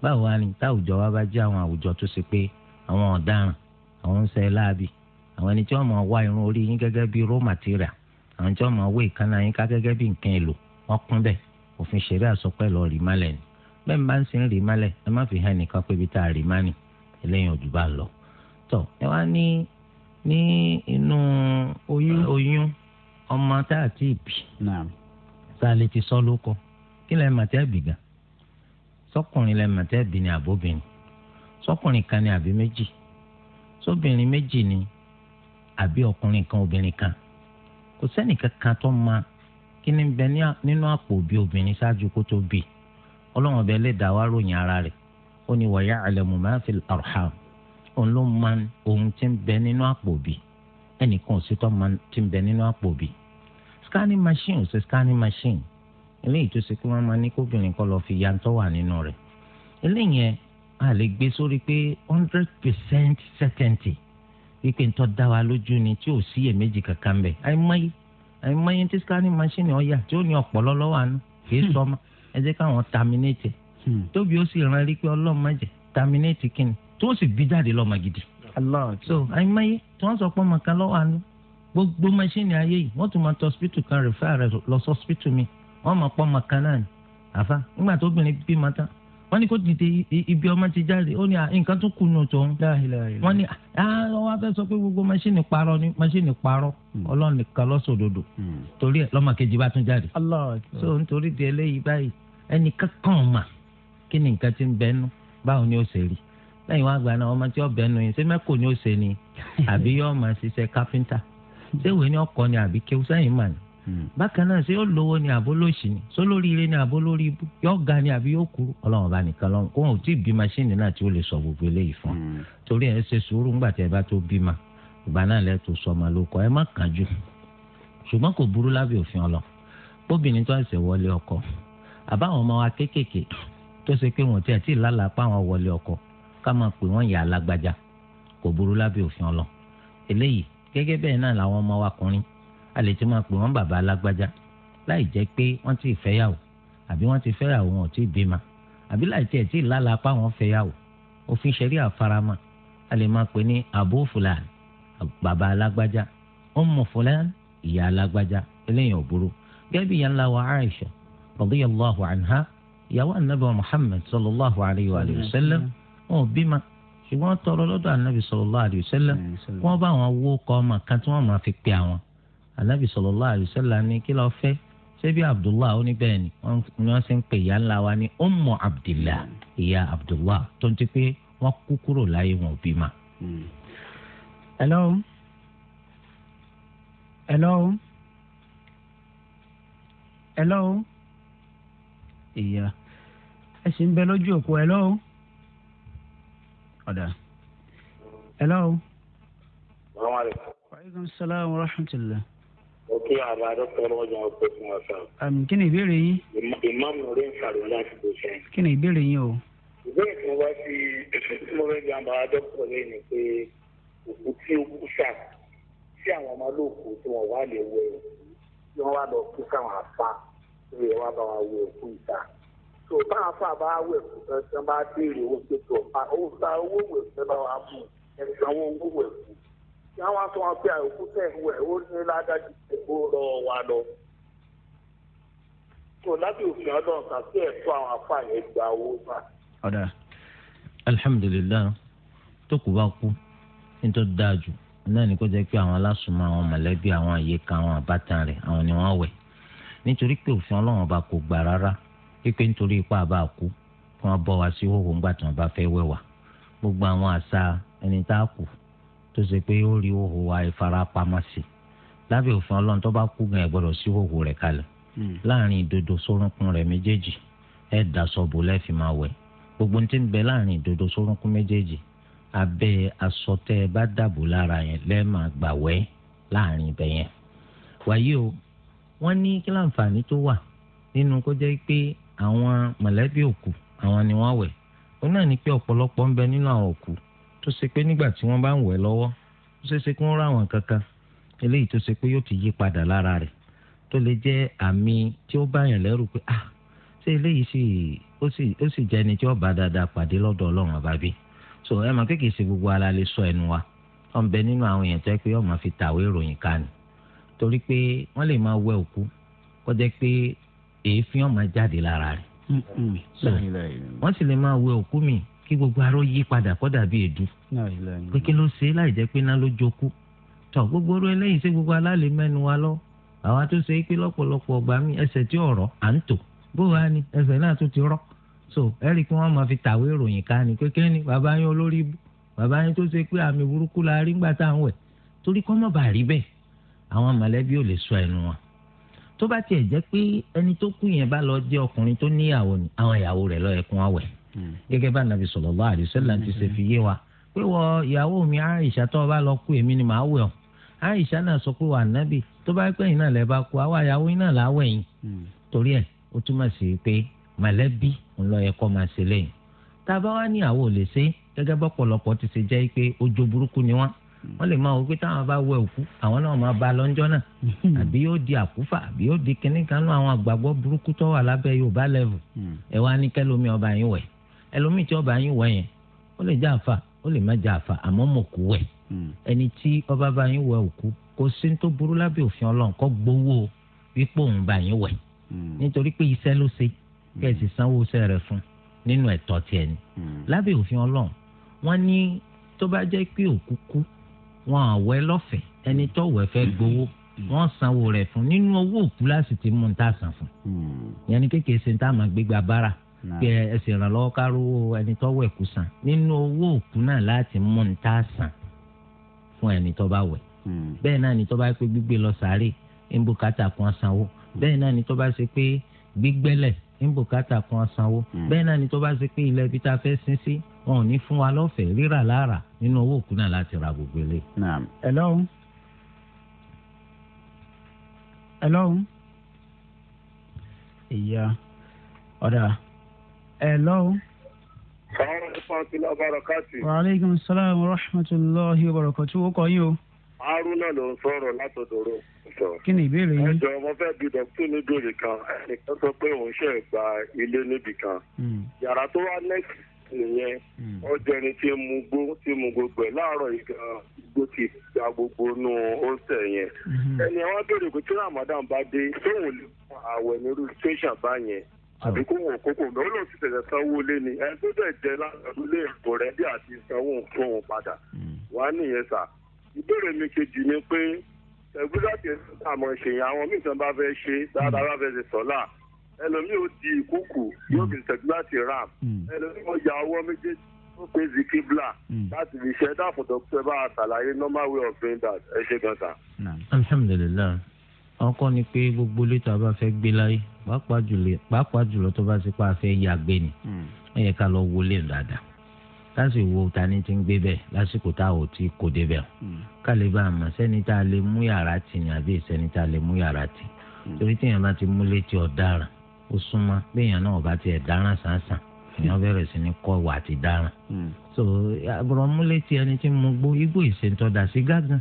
báwo wá ní tá àwùjọ bá jẹ́ àwọn àwùjọ tó ṣe pé àwọn ọ̀daràn àwọn ń ṣe láàbì àwọn ẹni tí wọ́n máa wá irun orí yín gẹ́gẹ́ bí raw material àwọn tí wọ́n máa wá ìkànnà yín ká gẹ́gẹ́ bí nǹkan èlò wọ́n kún bẹ́ẹ̀ òfin ṣeré àsọpẹ́ lọ rí malẹ̀ ni bẹ́ẹ̀ bá ń sin rí malẹ̀ ẹ má fi hàn nìkan pé ibi tá a rí má ni eléyìí òjò bá lọ. tọ ẹ wá ní ní inú oyún ọmọ tá a ti bì ti sọ lóko kí lẹ mà sọkùnrin lẹ́mọ̀ tẹ́ bí ni àbóbìnrin sọkùnrin kan ni àbí méjì sóbìnrin méjì ni àbí ọkùnrin kan obìnrin kan kò sẹ́nìkan kan tó ma kí ni bẹ nínú àpò òbí obìnrin ṣáájú kó tó bì ọlọ́run ọbẹ̀ lè dá wa ròyìn ara rẹ̀ ó ní wa ya'lamu ma fil arham òun ló ma ohun tí ń bẹ nínú àpò òbí ẹnìkan ò sí tó ma ti ń bẹ nínú àpò òbí scanning machine ò sí scanning machine eléyìí tó ṣe pé wọ́n máa ní kóbìnrin kọ́ lọ́ọ́ fi ya ń tọ́wà nínú rẹ̀ eléyìí yẹn a lè gbé sórí pé hundred percent certainty wípé ń tọ́ da wa lójú ni tí ò sí iyèméjì kankan ń bẹ̀ àìmọye àìmọye tí scanning machine ọ̀yà tí ó ní ọ̀pọ̀lọ́ lọ́wọ́ àánú kì í hmm. sọ ọmọ ẹ jẹ́ káwọn terminate hmm. tóbi ó sì rán rí pé ọlọ́run má jẹ́ terminate kíni tó sì bí jáde lọ́mọ gidi. so àìmọye tí wọ́n sọ pé ọmọ kan lọ́wọ́ àánú gbogbo machine ayé yìí wọ́n tún máa tọ́ hospital kan refer rẹ̀ lọ sọ́spítù mi wọ́n máa pọ ọmọ kan náà ni àfa nígbà tó obìnrin bímọ tán wọ́n ní kó dìde ibi ọmọ ti jáde ó ní nǹkan tó kùnú tòun wọ́n àwọn sọ pé gbogbo ni hmm. nìkan hmm. torí ẹ lọ́mọ kejì bá tún jáde. so nítorí di eléyìí báyìí ẹnì kankan mà kí ni ti ń báwo ni ó ṣe lẹ́yìn náà ọmọ tí ó bẹnu yìí ṣé ni ó ṣe ni àbí yóò máa káfíńtà ṣé bákan náà ṣé ó lówó ni àbólóṣì ni sólóríire ni àbólórí ibú yóò ga ni àbí yóò kúrú ọlọ́run bá nìkan lọ́run kóhùn ò tí ì bí maṣíìnì náà tí ó lè sọ gbogbo eléyìí fún un hmm. torí ẹ ṣe sùúrù ńgbà tí ẹ bá tó bímọ ìgbà náà lẹ tó sọ ọmọ lóko ẹ má kánjú ṣùgbọ́n kò burú lábẹ́ òfin ọlọ bóbìnrin tó ẹsẹ̀ wọlé ọkọ àbáwọn ọmọ wa kéékèèké tó ṣe pé wọn tiẹ̀ tí ì lálàpá àwọn a lè ti máa pè wọ́n bàbá alágbájá láì jẹ́ pé wọ́n ti fẹ́yàwó àbí wọ́n ti fẹ́yàwó wọn ò tí ì bímọ àbí láì tiẹ̀ tí ì lálàpá wọn fẹ́yàwó òfin ṣẹ̀rí àfarama a lè máa pè ní àbó fúlàn bàbá alágbájá ọmọ fúlàn ìyá alágbájá eléyìí ò burú gẹ́gẹ́ bí ìyá ńlá wa Aisha radiyallahu anha ìyàwó anabi Muhammad sallallahu alayhi wa sallam wọn ò bímọ ṣùgbọ́n tọrọ lọ́dọ̀ anabi sallallahu alayhi wa sallam wọ́n bá wọn wó kọ́ ọmọ kan tí wọ́n máa fi pe àwọn anabi sallallahu alaihi wasallam ní kí lọ́ọ́ fẹ́ ṣebí abdullah ó ní bẹ́ẹ̀ ni wọ́n ṣe ń pè ìyá ńlá wa ní ummu abdillah ìyá abdullah tó ń ti pé wọ́n kú kúrò láyé wọn ò bí ma. Hmm. hello hello hello ìyá ẹ sì ń bẹ lójú òkú hello ọ̀dà hello. salaamaleykum. wa salaam wa rahmatulah mo kí àbá dókítà lọ́jọ́ ọ̀pẹ fún wa sọ. kí ni ìbéèrè yín. ìmáàmù orí ń sàrò láti bó ṣe. kí ni ìbéèrè yín o. ìbéèrè tí mo bá fi mo fẹ́ gba àbá dókítà lẹ́yìn ni pé òkú tí ó kú sà tí àwọn ọmọ olóòkú tí wọ́n wá lè wẹ̀ tí wọ́n wá lọ kú sáwọn afá tí wọ́n wá bá wa wẹ̀ òkú ìta. tó táwọn afá bá wẹ̀ kú tán tí wọ́n bá béèrè owó tó tó owó wẹ̀ fún ẹ bá wa mú ẹ àwọn aṣọ wọn pé àìkú tẹ̀ ń wẹ̀ ó ní ládájú ìgbó rọ wa lọ. tó lábẹ́ òfin ọlọ́run kàtí ẹ̀ tó àwọn afá yẹn gba owó fà. ọ̀dà alihamudulilayi tó kù bá kú nítorí dáa jù náà ni kó jẹ́ pé àwọn alásùnmọ́ àwọn mọ̀lẹ́bí àwọn àyíká àwọn àbátan rẹ̀ àwọn ni wọ́n wẹ̀ nítorí pé òfin ọlọ́run ọba kò gbà rárá pípé nítorí ipá àbá kú kí wọ́n bọ́ wa sí hóhó ńgbà bá fẹ́ wẹ̀ wá gbogbo àwọn àṣà ẹni tá a kù tó ṣe pé ó rí òhò wa ìfarapamọ́ sí lábẹ́ òfin ọlọ́run tó bá kú gan ẹ̀ gbọ́dọ̀ sí òhò rẹ̀ kalẹ̀ hmm. láàrin ìdodo sórúnkún rẹ̀ méjèèjì ẹ̀ dà sọ́bù lẹ́ẹ̀fì máa wẹ̀ gbogbo ní ti ń bẹ láàrin ìdodo sórúnkún méjèèjì abẹ́ aṣọ tẹ́ bá dàbò lára yẹn lẹ́ẹ̀mà gbà wẹ̀ láàrin ibẹ̀ yẹn. wàyí o wọ́n ní kí láǹfààní tó wà nínú kó jẹ́ pé àwọn mọ̀lẹ́bí òkú àwọn ni wọ́n wẹ̀ ó náà ní pé ọ̀pọ̀lọpọ̀ ń bẹ nínú àwọn òkú tó ṣe pé nígbà tí wọ́n bá ń wẹ̀ lọ́wọ́ ó ṣe é ṣe kí wọ́n ráwọn kankan eléyìí tó ṣe pé yóò ti yí padà lára rẹ̀ tó lè jẹ́ àmì tí ó bá yàn lẹ́rù pé ah ṣé eléyìí sì ó sì ó sì jẹ́ ẹni tí ó bá dáadáa pàdé lọ́dọ̀ ọlọ́run ọba bí so ẹ mọ̀ kéèké ṣe gbogbo ara lè sọ ẹnu wa ọ̀ ń bẹ nínú àwọn èèyàn tó yẹ pé ọmọ fi tàwé ìròyìn ká ni torí pé wọ́n lè máa wẹ òkú kó jẹ́ pé èéfín ọmọ jáde lára rẹ̀ mm-hmm. wọ́n sì lè máa wẹ òkú mi kí gbogbo arọ yí padà kọ́ dàbí èdú pé kí ló ṣe láì jẹ́ pé iná ló jokú tọ̀ gbogbo orú eléyìí ṣé gbogbo alálẹ̀ mẹ́nu wa lọ àwa tó ṣe pé lọ́pọ̀lọpọ̀ ọgbà mi ẹsẹ̀ tí ọ̀rọ̀ à ń tò bó wa ni ẹsẹ̀ náà tó ti rọ́ so ẹ̀rí kí wọ́n máa fi tàwé ìròyìn ká ni pé kẹ́ni bàbá yín olórí ibú bàbá yín tó ṣe pé àmì burúkú la rí ńgbà tá à ń wẹ̀ torí kọ́ mọ̀ bá rí bẹ́ẹ̀ àwọn mọ̀lẹ́bí ò lè sọ ẹnu wọn tó bá tiẹ̀ jẹ́ pé ẹni tó kú yẹn bá lọ jẹ́ ọkùnrin tó níyàwó ni àwọn ìyàwó rẹ̀ lọ́ọ́ ẹ̀kún àwẹ̀ gẹ́gẹ́ bá nàbì sallallahu alaihi wasallam ti ṣe fi yé wa pé wọ ìyàwó mi àìsà tó bá lọ kú èmi ni màá wẹ̀ ọ́ àìsà náà sọ pé wà nàbì tó bá pẹ́ yìí náà lẹ́ bá kú àwa ìyàwó yìí náà láwẹ̀ yìí hmm. torí ẹ̀ ó túmọ̀ sí pé mọ̀lẹ́bí ńlọ yẹ máa ṣe lẹ́yìn tá a bá wá ní àwọ̀ lè ṣe gẹ́gẹ́ bọ́pọ̀lọpọ̀ ti ṣe jẹ́ pé ọjọ́ burúkú ni wọ́n hmm. wọ́n lè máa wọ pé táwọn bá wẹ òkú àwọn náà máa ba lọ́njọ́ náà hmm. àbí yóò di àkúfà àbí yóò di kínní kan nú àwọn àgbàgbọ́ burúkú tó wà lábẹ́ Yorùbá level ẹ̀ wá ní kẹ́lómi ọba yín wẹ̀ ẹlòmíì tí ọba yín wọ yẹn ó lè já àfa ó lè má já àfa àmọ́ mọ̀ kú wẹ̀ hmm. ẹni tí ọba bá yín wọ òkú kò sí tó burú lábẹ́ òfin ọlọ́run kọ́ gbowó wípé òun bá yín wẹ̀ hmm. nítorí pé iṣẹ́ ló ṣe kẹ́sì hmm. sanwó iṣẹ́ rẹ̀ fún nínú ẹ̀tọ́ tiẹ̀ ni lábẹ́ òfin ọlọ́run wọ́n ní tó bá jẹ́ pé òkú kú wọn àwẹ̀ lọ́fẹ̀ẹ́ ẹni tó wẹ̀ fẹ́ gbowó wọn sanwó rẹ̀ fún nínú owó òkú láti ti mú un tá a san fún yẹn ni kékeré ṣe ń tá a máa gbégbá bára pé ẹsẹ̀ ìrànlọ́wọ́ ká rówó ẹni tó wẹ̀ kú san nínú owó òkú náà láti mú ní tá a san fún ẹni tó bá wẹ̀ hmm. bẹ́ẹ̀ náà ni tó bá pé gbígbé lọ sàárè ń bùkátà kan sanwó hmm. bẹ́ẹ̀ náà ni tó bá ṣe pé gbígbẹ́lẹ̀ ń bùkátà kan sanwó hmm. bẹ́ẹ̀ náà ni tó bá ṣe pé ilẹ̀ ibi tá a fẹ́ sin sí wọn ò ní fún wa lọ́fẹ̀ẹ́ rírà lára nínú owó òkú náà láti ra gbogbo ilé. hello hello ìyá ọ̀dà. Hello. Wa aleykum salaam wa rahmatulahi wa O kọ yín o. Haruna ló ń sọ̀rọ̀ látòdòrò. Kí ni ìbéèrè yín? Ẹ̀jọ̀ ọmọ fẹ́ bi dọ̀kítù kan. Ẹnìkan sọ pé òun ṣe gba ilé kan. Hmm. Yàrá tó wá next nìyẹn. Hmm. Ó jẹni tí mu gbó tí mu gbogbo ẹ̀ láàárọ̀ ìgbà ti gba gbogbo yẹn. Hmm. Ẹni Ramadan bá dé, lè fún àwẹ̀ àbí kò wò kókò náà ló ti tẹ̀lé sanwó lé ni ẹni tó dẹ̀ jẹ́ lálẹ́ ẹ̀kọ́ rẹ̀ bí àti sanwó nǹkan ò padà wà á nìyẹn sà ìbéèrè mi kejì ni pé ẹgbẹ́dàkẹ́ àmọ́ ìṣèyàn àwọn míì tán bá fẹ́ ṣe dáadáa bá fẹ́ ṣe sọ́là ẹlòmíì ó di ìkúkù yóò fi tẹ̀gbẹ́dàkẹ́ ram ẹlòmíì ó ya ọwọ́ méjèèjì ó pè sí kíbla láti fi ṣe dáàfò dókítà bá àtàlàyé normal way of doing that ẹ ṣe gan ta. alhamdulilayi ọkọ ni pé gbogbo létà bá fẹ́ gbé láyé pàápàá jùlọ tó bá ti pa ya yàgbé ni hmm. ó yẹ ká lọ wọlé dáadáa láti wo tani ti ń gbé bẹ́ẹ̀ lásìkò tá a ò ti kò débẹ̀ hmm. ká lè bá a mọ̀ sẹ́ni tá a lè mú yàrá tì ní àbí sẹ́ni tá a lè mú yàrá tì hmm. torí ti mú létí ọ̀daràn ó súnmọ́ ti ẹ̀dáràn sàǹsàn èèyàn bẹ̀rẹ̀ sí kọ́ so àbúrò mú létí ẹni tí mo gbó igbó ìṣèǹtọ́dà sí gágan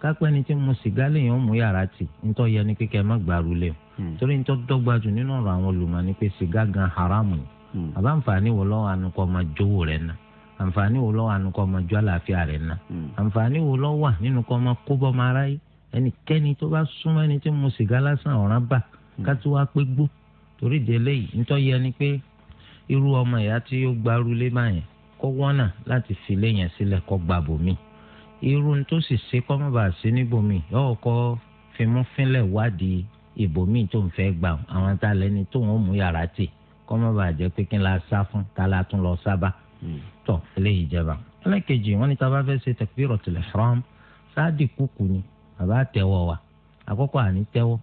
kápẹ́ ẹni tí mo sìgá mú yàrá tì ń tọ́ yẹ Hmm. torí ń tọ́ dọ́gba jù nínú ọ̀rọ̀ àwọn olùmọ̀ ni pé sìgá gan haramu ni hmm. àbá àǹfààní wo lọ́wọ́ anukọ́ máa jówó rẹ̀ ná àǹfààní wo lọ́wọ́ anukọ́ máa jó àlàáfíà rẹ̀ ná hmm. àǹfààní wo lọ́wọ́ nínú kọ́ máa kó bọ́ máa ẹnikẹ́ni tó bá súnmọ́ ẹni tí mu sìgá lásán ọ̀ràn bà ká wá pé gbó torí ìdílé yìí ń tọ́ ni pé irú ọmọ ìyá tí ó gbarú lé báyẹn kó wọ́nà láti fi lé yẹn sílẹ̀ kó gba bòmí irú tó sì ṣe kọ́ mọ́ bá sí níbòmí yóò fimú fínlẹ̀ wádìí ibòmíì tó ń fẹ́ gbà àwọn tá lẹ́ni tó ń mú yàrá tì kọ́ mọ́ bàa jẹ́ pé kí n la sá fún ká la tún lọ sábà hmm. tọ̀ eléyìí jẹba. ẹlẹ́kejì wọn ni tá a bá fẹ́ ṣe takbiratul ihram sáàdì kúkú ni bàbá tẹ́wọ́ wa àkọ́kọ́ àní tẹ́wọ́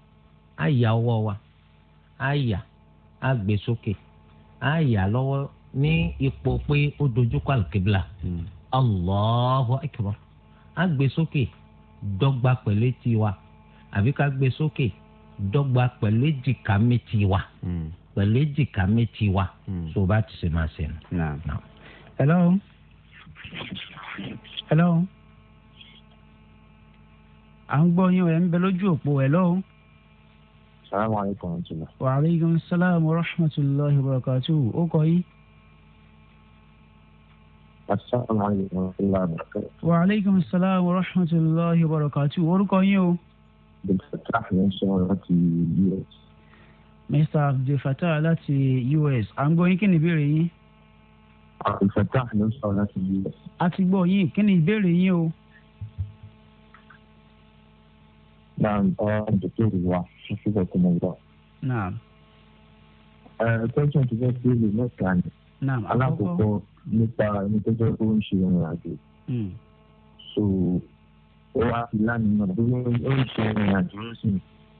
á yà ọwọ́ wa á yà sókè á lọ́wọ́ ní ipò pé ó dojúkọ àlùkìbìlà hmm. Allahu akbar á gbé sókè dọ́gba pẹ̀lú etí wa àbí ká gbé sókè dọ́gba pẹ̀lú èjìká méjì wa hmm. pẹ̀lú èjìká méjì wa tó hmm. o bá ti ṣe máa ṣe nù. hello hello à ń gbọ́ yín ẹ̀ ń bẹ lójú òpó hello. salaamu aleykum wa rahmatulah. wa aleykum salaam wa rahmatulah wa barakatuh ó kọ yín. asalaamu aleykum wa rahmatulah wa wa aleykum salaam wa rahmatulah wa orúkọ yín o. Dr. Taff ló ń sọ̀rọ̀ láti US. Mr. Abdulfatah láti US à ń gbọ́ yín kí ni ìbéèrè yín. Abdulfatah ló ń sọ̀rọ̀ láti US. a ti gbọ́ yín kí ni ìbéèrè yín o. Naam ọ̀rọ̀ dòkítà wa fífi ọkọ̀ mọ̀ wá. Naam. Ẹ̀ẹ́dẹ́gbẹ̀rún ti fẹ́ sí ìlú mẹ́ta ni. Naam àkọ́kọ́. Alákòókò nípa ẹni tó jẹ́ kó ń ṣe ìrìn àjò. Hmm. So ó wá fi lánàá bí ó ń ṣe ìrìn àjò ó sì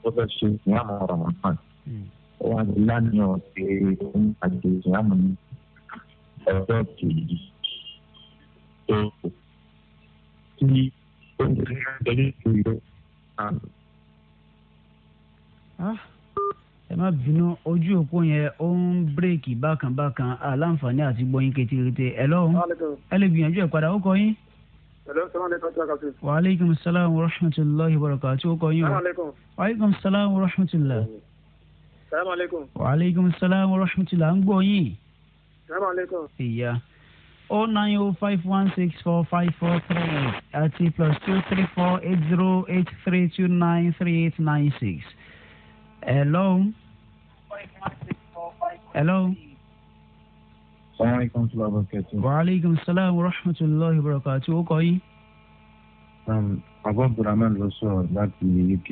ó fẹ́ ṣe ìyàmú ramadan hmm. ó wá fi lánàá ṣe ìrìn àjò ìyàmú ní ọjọ́ kejì tó kù tí ó ń tẹ̀lé ìrìn àjò ìyàmú. Ah, ẹ má bínú ojú òpó yẹn ó ń bírèkì bákan bákan aláǹfààní àti gbọ́yìn kété kété ẹ lọ́wọ́ ẹ lè gbìyànjú ẹ̀ padà ó kọ yín wa aleykum salaam wa rahmatulahi wa barakatuh o kò yín o wa aleykum salaam wa rahmatulahi. wa aleykum salaam wa rahmatulahi à ń gbọ́ yín. ìyá o oh, nine o oh five one six four five four three àti plus two three four eight zero eight three two nine three eight nine six. hello. hello sàlámàlíkùn tó lọ́wọ́ kẹtù. wàhálàyíkùn sàlámù rahmatulahi barakati ó kọ́ yín. àbọ̀ um, abdulrahman ló sọ̀rọ̀ láti uk.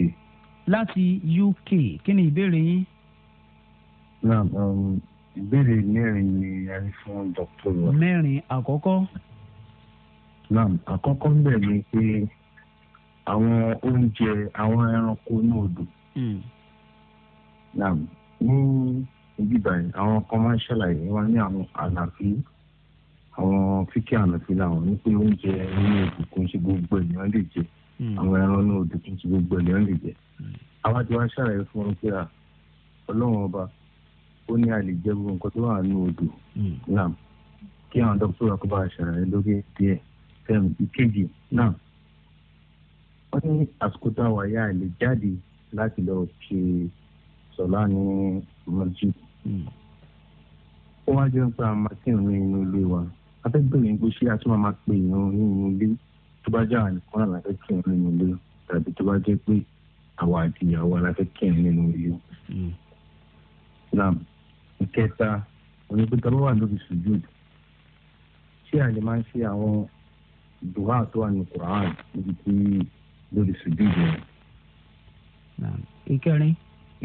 láti uk kí ni ìbéèrè yín. naam um, ìbéèrè mẹ́rin ni a ní fún dọ́kítọ̀rọ̀. mẹ́rin àkọ́kọ́. naam àkọ́kọ́ ń bẹ̀ ni pé àwọn oúnjẹ àwọn ẹranko ní odò. Hmm. naam ní níbí báyìí àwọn kan máa ń ṣàlàyé wá ní àwọn àlàfí àwọn fíkẹ́ àlàfí làwọn ní pé oúnjẹ inú òdùnkún ṣe gbogbo ènìyàn lè jẹ hmm. àwọn ẹran inú òdùnkún ṣe gbogbo ènìyàn lè jẹ hmm. àwọn àti wá ṣàlàyé fún wọn pé ọlọ́run ọba ó ní àlè gbogbo nǹkan tó wà nínú odò hmm. náà kí àwọn dókítà kó bá ṣàlàyé lórí díẹ̀ fẹ́mi ìkejì náà wọ́n ní àsìkò táwa yá àlè jáde láti lọ ṣe sọlá ní mọ́jú. Hmm. ó wá jẹ́ pé a máa kí ìrún inú ilé wa afẹ́gbẹ̀rẹ̀ ń gbóṣe àti máa máa pe ìrún inú ilé tó bá jẹ́ àwọn ìkọ́nà la fẹ́ kí ìrún inú ilé tàbí tó bá jẹ́ pé àwa àti ìyàwó la fẹ́ inú ilé. Hmm. nam ìkẹta onípẹ́tà bá wà lórí sùjúd ṣé àlè máa ń ṣe àwọn dùhà tó wà ní kùrán níbi tí lórí sùjúd yẹn. ìkẹrin.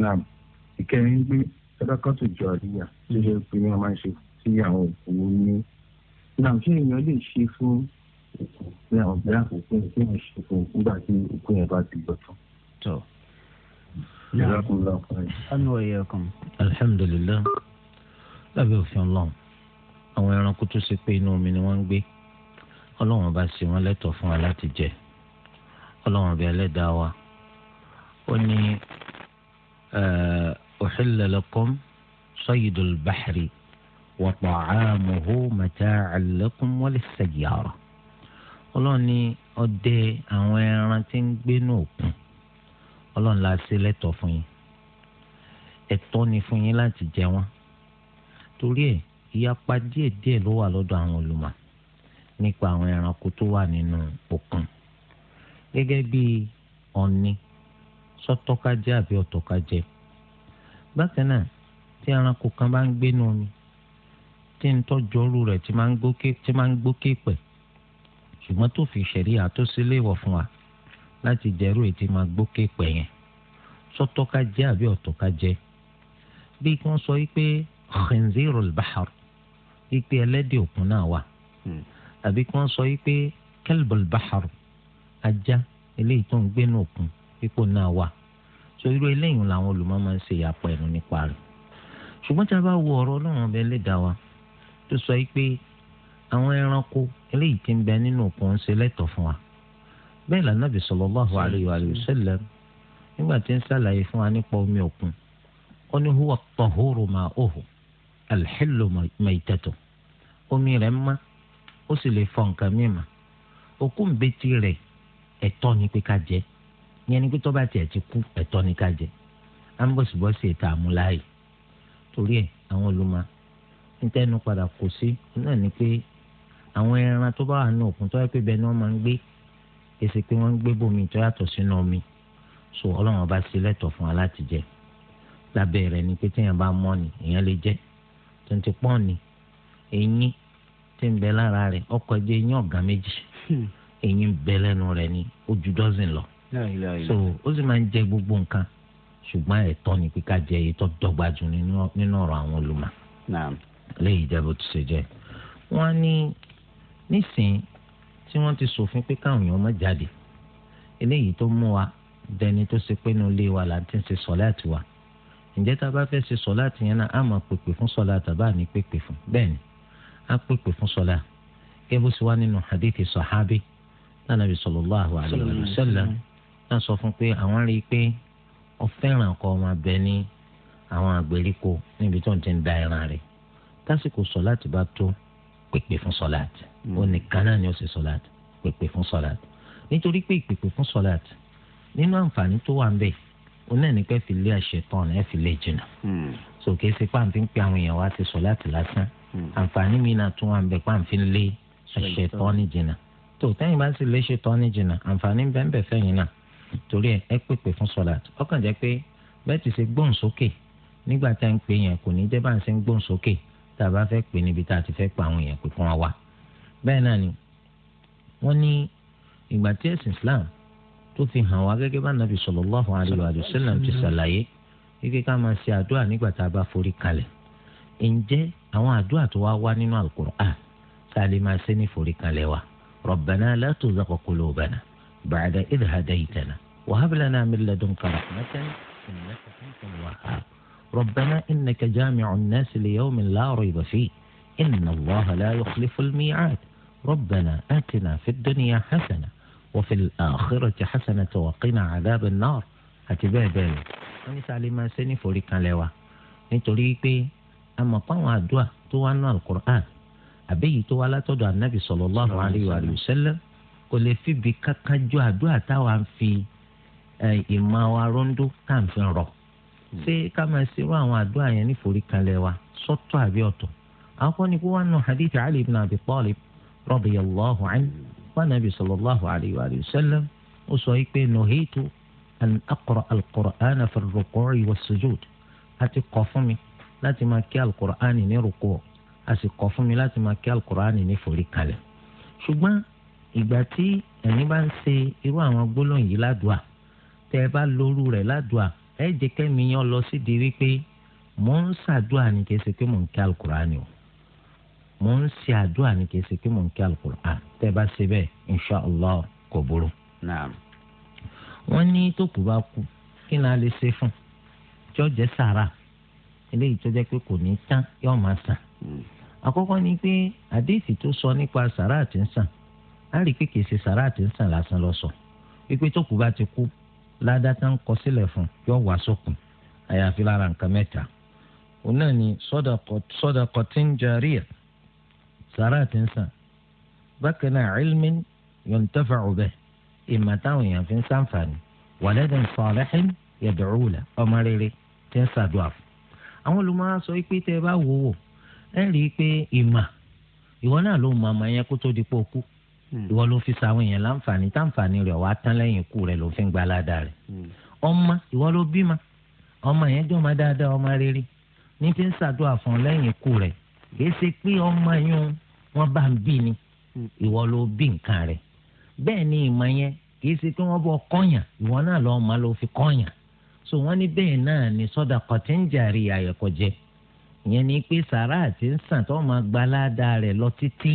nam ìkẹrin gbé sọdọkọtò jọ àríyá ló ṣe pé wọn máa ń ṣe sí àwọn òkú ní náà ṣé èèyàn lè ṣe fún òkú ní àwọn ọgbẹ àkókò yẹn kí wọn ṣe fún òkú nígbà tí òkú yẹn bá ti lọ tán. tó anu ọyẹ kan alhamdulilayi lábẹ́ òfin Ọlọ́run àwọn ẹranko tó ṣe pé inú omi ni wọ́n ń gbé Ọlọ́run bá ṣe wọ́n lẹ́tọ̀ọ́ fún wa láti jẹ Ọlọ́run bẹ Ẹlẹ́dàá wa ó ní. أحل لكم صيد البحر وطعامه ta'amuhu لكم lakum wa lis-sayyara ọlọ́run ní ọdẹ àwọn ẹran tí ń gbénú òkun ọlọ́run la ṣe lẹ́tọ̀ fún yín ẹ̀tọ́ ni fún yín láti jẹ wọ́n torí ẹ̀ ìyapa díẹ̀ díẹ̀ ló wà lọ́dọ̀ àwọn olùmọ̀ nípa àwọn ẹranko tó wà nínú òkun gẹ́gẹ́ bí ọ̀nì sọ́tọ́kájẹ́ àbí ọ̀tọ̀kájẹ́. So bákan náà tí ẹranko kan bá ń gbénu omi tí ń tọ́jọ́rú rẹ̀ tí máa ń gbókè pẹ̀ ṣùgbọ́n tó fi ṣẹ̀rí àtọ́sílẹ̀ ìwọ̀ fún wa láti jẹ́rú ètí máa gbókè pẹ̀ yẹn sọ́tọ́ ká jẹ́ àbí ọ̀tọ̀ ká jẹ́ bí kí wọ́n sọ wípé khinzirul bahar wípé ẹlẹ́dẹ̀ òkun náà wà hmm. àbí kí sọ wípé kelbul ajá eléyìí tó ń gbénu òkun pípò náà wà. so irú eléyìí làwọn olùmọ máa ń ṣe yàpọ ẹnu nípa rẹ̀ ṣùgbọ́n tí a bá wo náà ọ ọbẹ lẹdàá wa tó sọ yìí àwọn ẹranko eléyìí ti ń bẹ nínú òkun ń ṣe lẹ́tọ̀ fún wa bẹ́ẹ̀ lànàbì sallallahu nígbà tí ń ṣàlàyé fún wa nípa omi òkun ó ní fọ nǹkan òkú ń ìyẹn ni pé tọ́ba tiẹ̀ ti kú ẹ̀tọ́ ní ká jẹ ambọ̀sibọ́sì ètò àmúláyè torí ẹ̀ àwọn olùmọ̀ nítẹnu padà kò sí náà ni pé àwọn ẹran tó bá wà ní òkun tó yẹ pé bẹ́ẹ̀ ni máa ń gbé èsì pé wọ́n ń gbé bòmí tó yàtọ̀ sínú omi so ọlọ́run ọba sí lẹ́tọ̀ fún wa láti jẹ lábẹ́ rẹ̀ ni pé téèyàn bá mọ́ ni èèyàn lè jẹ tuntun pọ́n ni eyín tí ń bẹ lára rẹ̀ ọkọ̀ ẹ̀jẹ̀ eyín ọ̀gá méjì hmm. eyín bẹ lẹ́nu rẹ̀ ni ó ju dọ́sìn lọ so ó sì máa ń jẹ gbogbo nǹkan ṣùgbọ́n ẹ̀tọ́ ni pé ká jẹ èyí tó dọ́gba jù nínú ọ̀rọ̀ àwọn olùmọ̀ léyìí jẹ́ bó ti ṣe jẹ́ wọ́n ní nísìnyí tí wọ́n ti ṣòfin pé káwọn èèyàn má jáde eléyìí tó mú wa dẹni tó ṣe pé inú ilé wa là ń ti ṣe sọ̀láàtì wa ǹjẹ́ tá a bá fẹ́ ṣe sọ̀láàtì yẹn náà á máa pèpè fún sọ̀láàtì tàbá ní pèpè fún bẹ́ẹ̀ ni á pèpè fún sọ̀láàtì kẹ́bùsí wa nínú hadithi sahabi nanabi sallallahu alayhi wa sallam náà sọ fún pé àwọn rí i pé ó fẹ́ràn kọ́ ọmọ abẹ ní àwọn àgbèríko níbi tó ń ti ń da ẹran rẹ̀ tásìkò sọ̀láàtì bá tó pèpè fún sọ̀láàtì mm. ó nìkan náà ni ó sì sọ̀láàtì pèpè fún sọ̀láàtì nítorí pé ìpèpè fún sọ̀láàtì nínú àǹfààní tó wà ń bẹ onáà ní pẹ́ fi lé àṣetán ẹ fi lè jìnnà mm. so kìí ṣe pàǹtí ń pe àwọn èèyàn wá ti sọ lásán mm. àǹfààní mi náà tún wà ń bẹ ń lé àṣetán ní jìnnà tó tẹ́yìn bá sì lé ṣetán ní jìnnà àǹfààní bẹ́ẹ̀ bẹ́ẹ̀ fẹ́yìn náà torí ẹ ẹ pèpè fún sọlát ọkàn jẹ́ pé bẹ́ẹ̀ ti ṣe gbóhùn sókè nígbà tá à ń pè yẹn kò ní jẹ́ bá ń ṣe ń gbóhùn sókè tá a bá fẹ́ pè níbi tá a ti fẹ́ pa àwọn èèyàn pé fún wa wá bẹ́ẹ̀ náà ni wọ́n ní ìgbà tí ẹ̀sìn Islam tó fi hàn wá gẹ́gẹ́ bá nàbì sallallahu alaihi wa sallam ti ṣàlàyé wípé ká máa ṣe àdúrà nígbà tá a bá forí kalẹ̀ ǹjẹ́ àwọn àdúrà tó wá wá nínú Al-Qur'an tá a lè máa ṣe ní forí kalẹ̀ wa Rabbana la tuzigh qulubana بعد إذ هديتنا وهب لنا من لدنك رحمة إنك أنت الوهاب ربنا إنك جامع الناس ليوم لا ريب فيه إن الله لا يخلف الميعاد ربنا آتنا في الدنيا حسنة وفي الآخرة حسنة وقنا عذاب النار àti بالي أني سالي ما سني sáà لوا máa ṣe ní forí kanlẹ̀ wa nítorí pé a mọ̀ páwọn àdúrà tó wá وسلم kò lè fìbí kankan ju àdúrà táwa ń fi ìmọ̀ wa rọ́ńdó tá à ń fi rọ̀ hmm. ṣé ká máa ṣerú àwọn àdúrà yẹn níforí kalẹ̀ wa sọ́tọ̀ àbí ọ̀tọ̀ àkọ́kọ́ ni kó wà nù hadith Ali ibn Abi Talib radiyallahu anhu wa nabi sallallahu alayhi wa sallam ó sọ pé nuhitu an aqra al-Qur'ana fi ruku'i wa àti kọ̀ fún mi láti máa kí al-Qur'ani ní ruku' àti kọ̀ fún mi láti máa kí al-Qur'ani ní forí ṣùgbọ́n ìgbà tí ẹ̀yin bá ń ṣe irú àwọn gbólóhùn yìí ládùá tẹ́ ẹ bá lóru rẹ̀ ládùá ẹ jẹ́ kẹ́mi yan lọ sídìí wípé mò ń ṣàdúà ní kìí ṣe pé mò ń kí alukur'an o mò ń ṣe àdúà ní kìí ṣe pé mò ń kí alukur'an tẹ́ ẹ bá ṣe bẹ́ẹ̀ insha kò burú. wọ́n ní tókù bá kú kí ni a lè ṣe fún jọ́jẹ́ sàrà eléyìí tó jẹ́ pé kò ní tán yóò máa sàn. Hmm. àkọ́kọ́ ni pé àdéhìí tó sọ nípa sàrà àti ń sàn á rí kékeré ṣe sàrà àti ń sàn lásán lọ́sọ̀ pípé tó kù bá ti kú ládàá tá ń kọ sílẹ̀ fún yóò wá sókun àyàfi lára nǹkan mẹ́ta òun náà ni sadaqatin jariyah sàrà àti ń sàn bákan náà ilmin yuntafa'u bihi ìmọ̀ táwọn èèyàn fi ń sàǹfààní waladan salihin yad'u lahu ọmọ rere ti ń sàdúà fún àwọn olùmọ̀ sọ pé tẹ́ ẹ bá wò wò ẹ rí i pé ìmọ̀ ìwọ náà ló mọ àmọ́ yẹn kó tó di pé o kú Hmm. ìwọ ló fi sáwọn èèyàn láǹfààní táǹfààní rẹ̀ wá tán lẹ́yìn ikú rẹ̀ ló fi ń gba rẹ̀ hmm. ọmọ ìwọ ló bímọ ọmọ yẹn jọ ọmọ dáadáa ọmọ rere ní ti ń ṣàdúrà fún lẹ́yìn ikú rẹ̀ kìí ṣe pé ọmọ wọn bá ń bí ni hmm. ìwọ ló bí nǹkan bẹ́ẹ̀ ni ìmọ̀ yẹn kìí ṣe pé wọ́n bọ kọ́yàn ìwọ náà ló fi kọ́yàn so wọ́n ní bẹ́ẹ̀ náà ni sọ́dà ni pé sàrà àti ń sàn tó máa gbaládàá rẹ lọ títí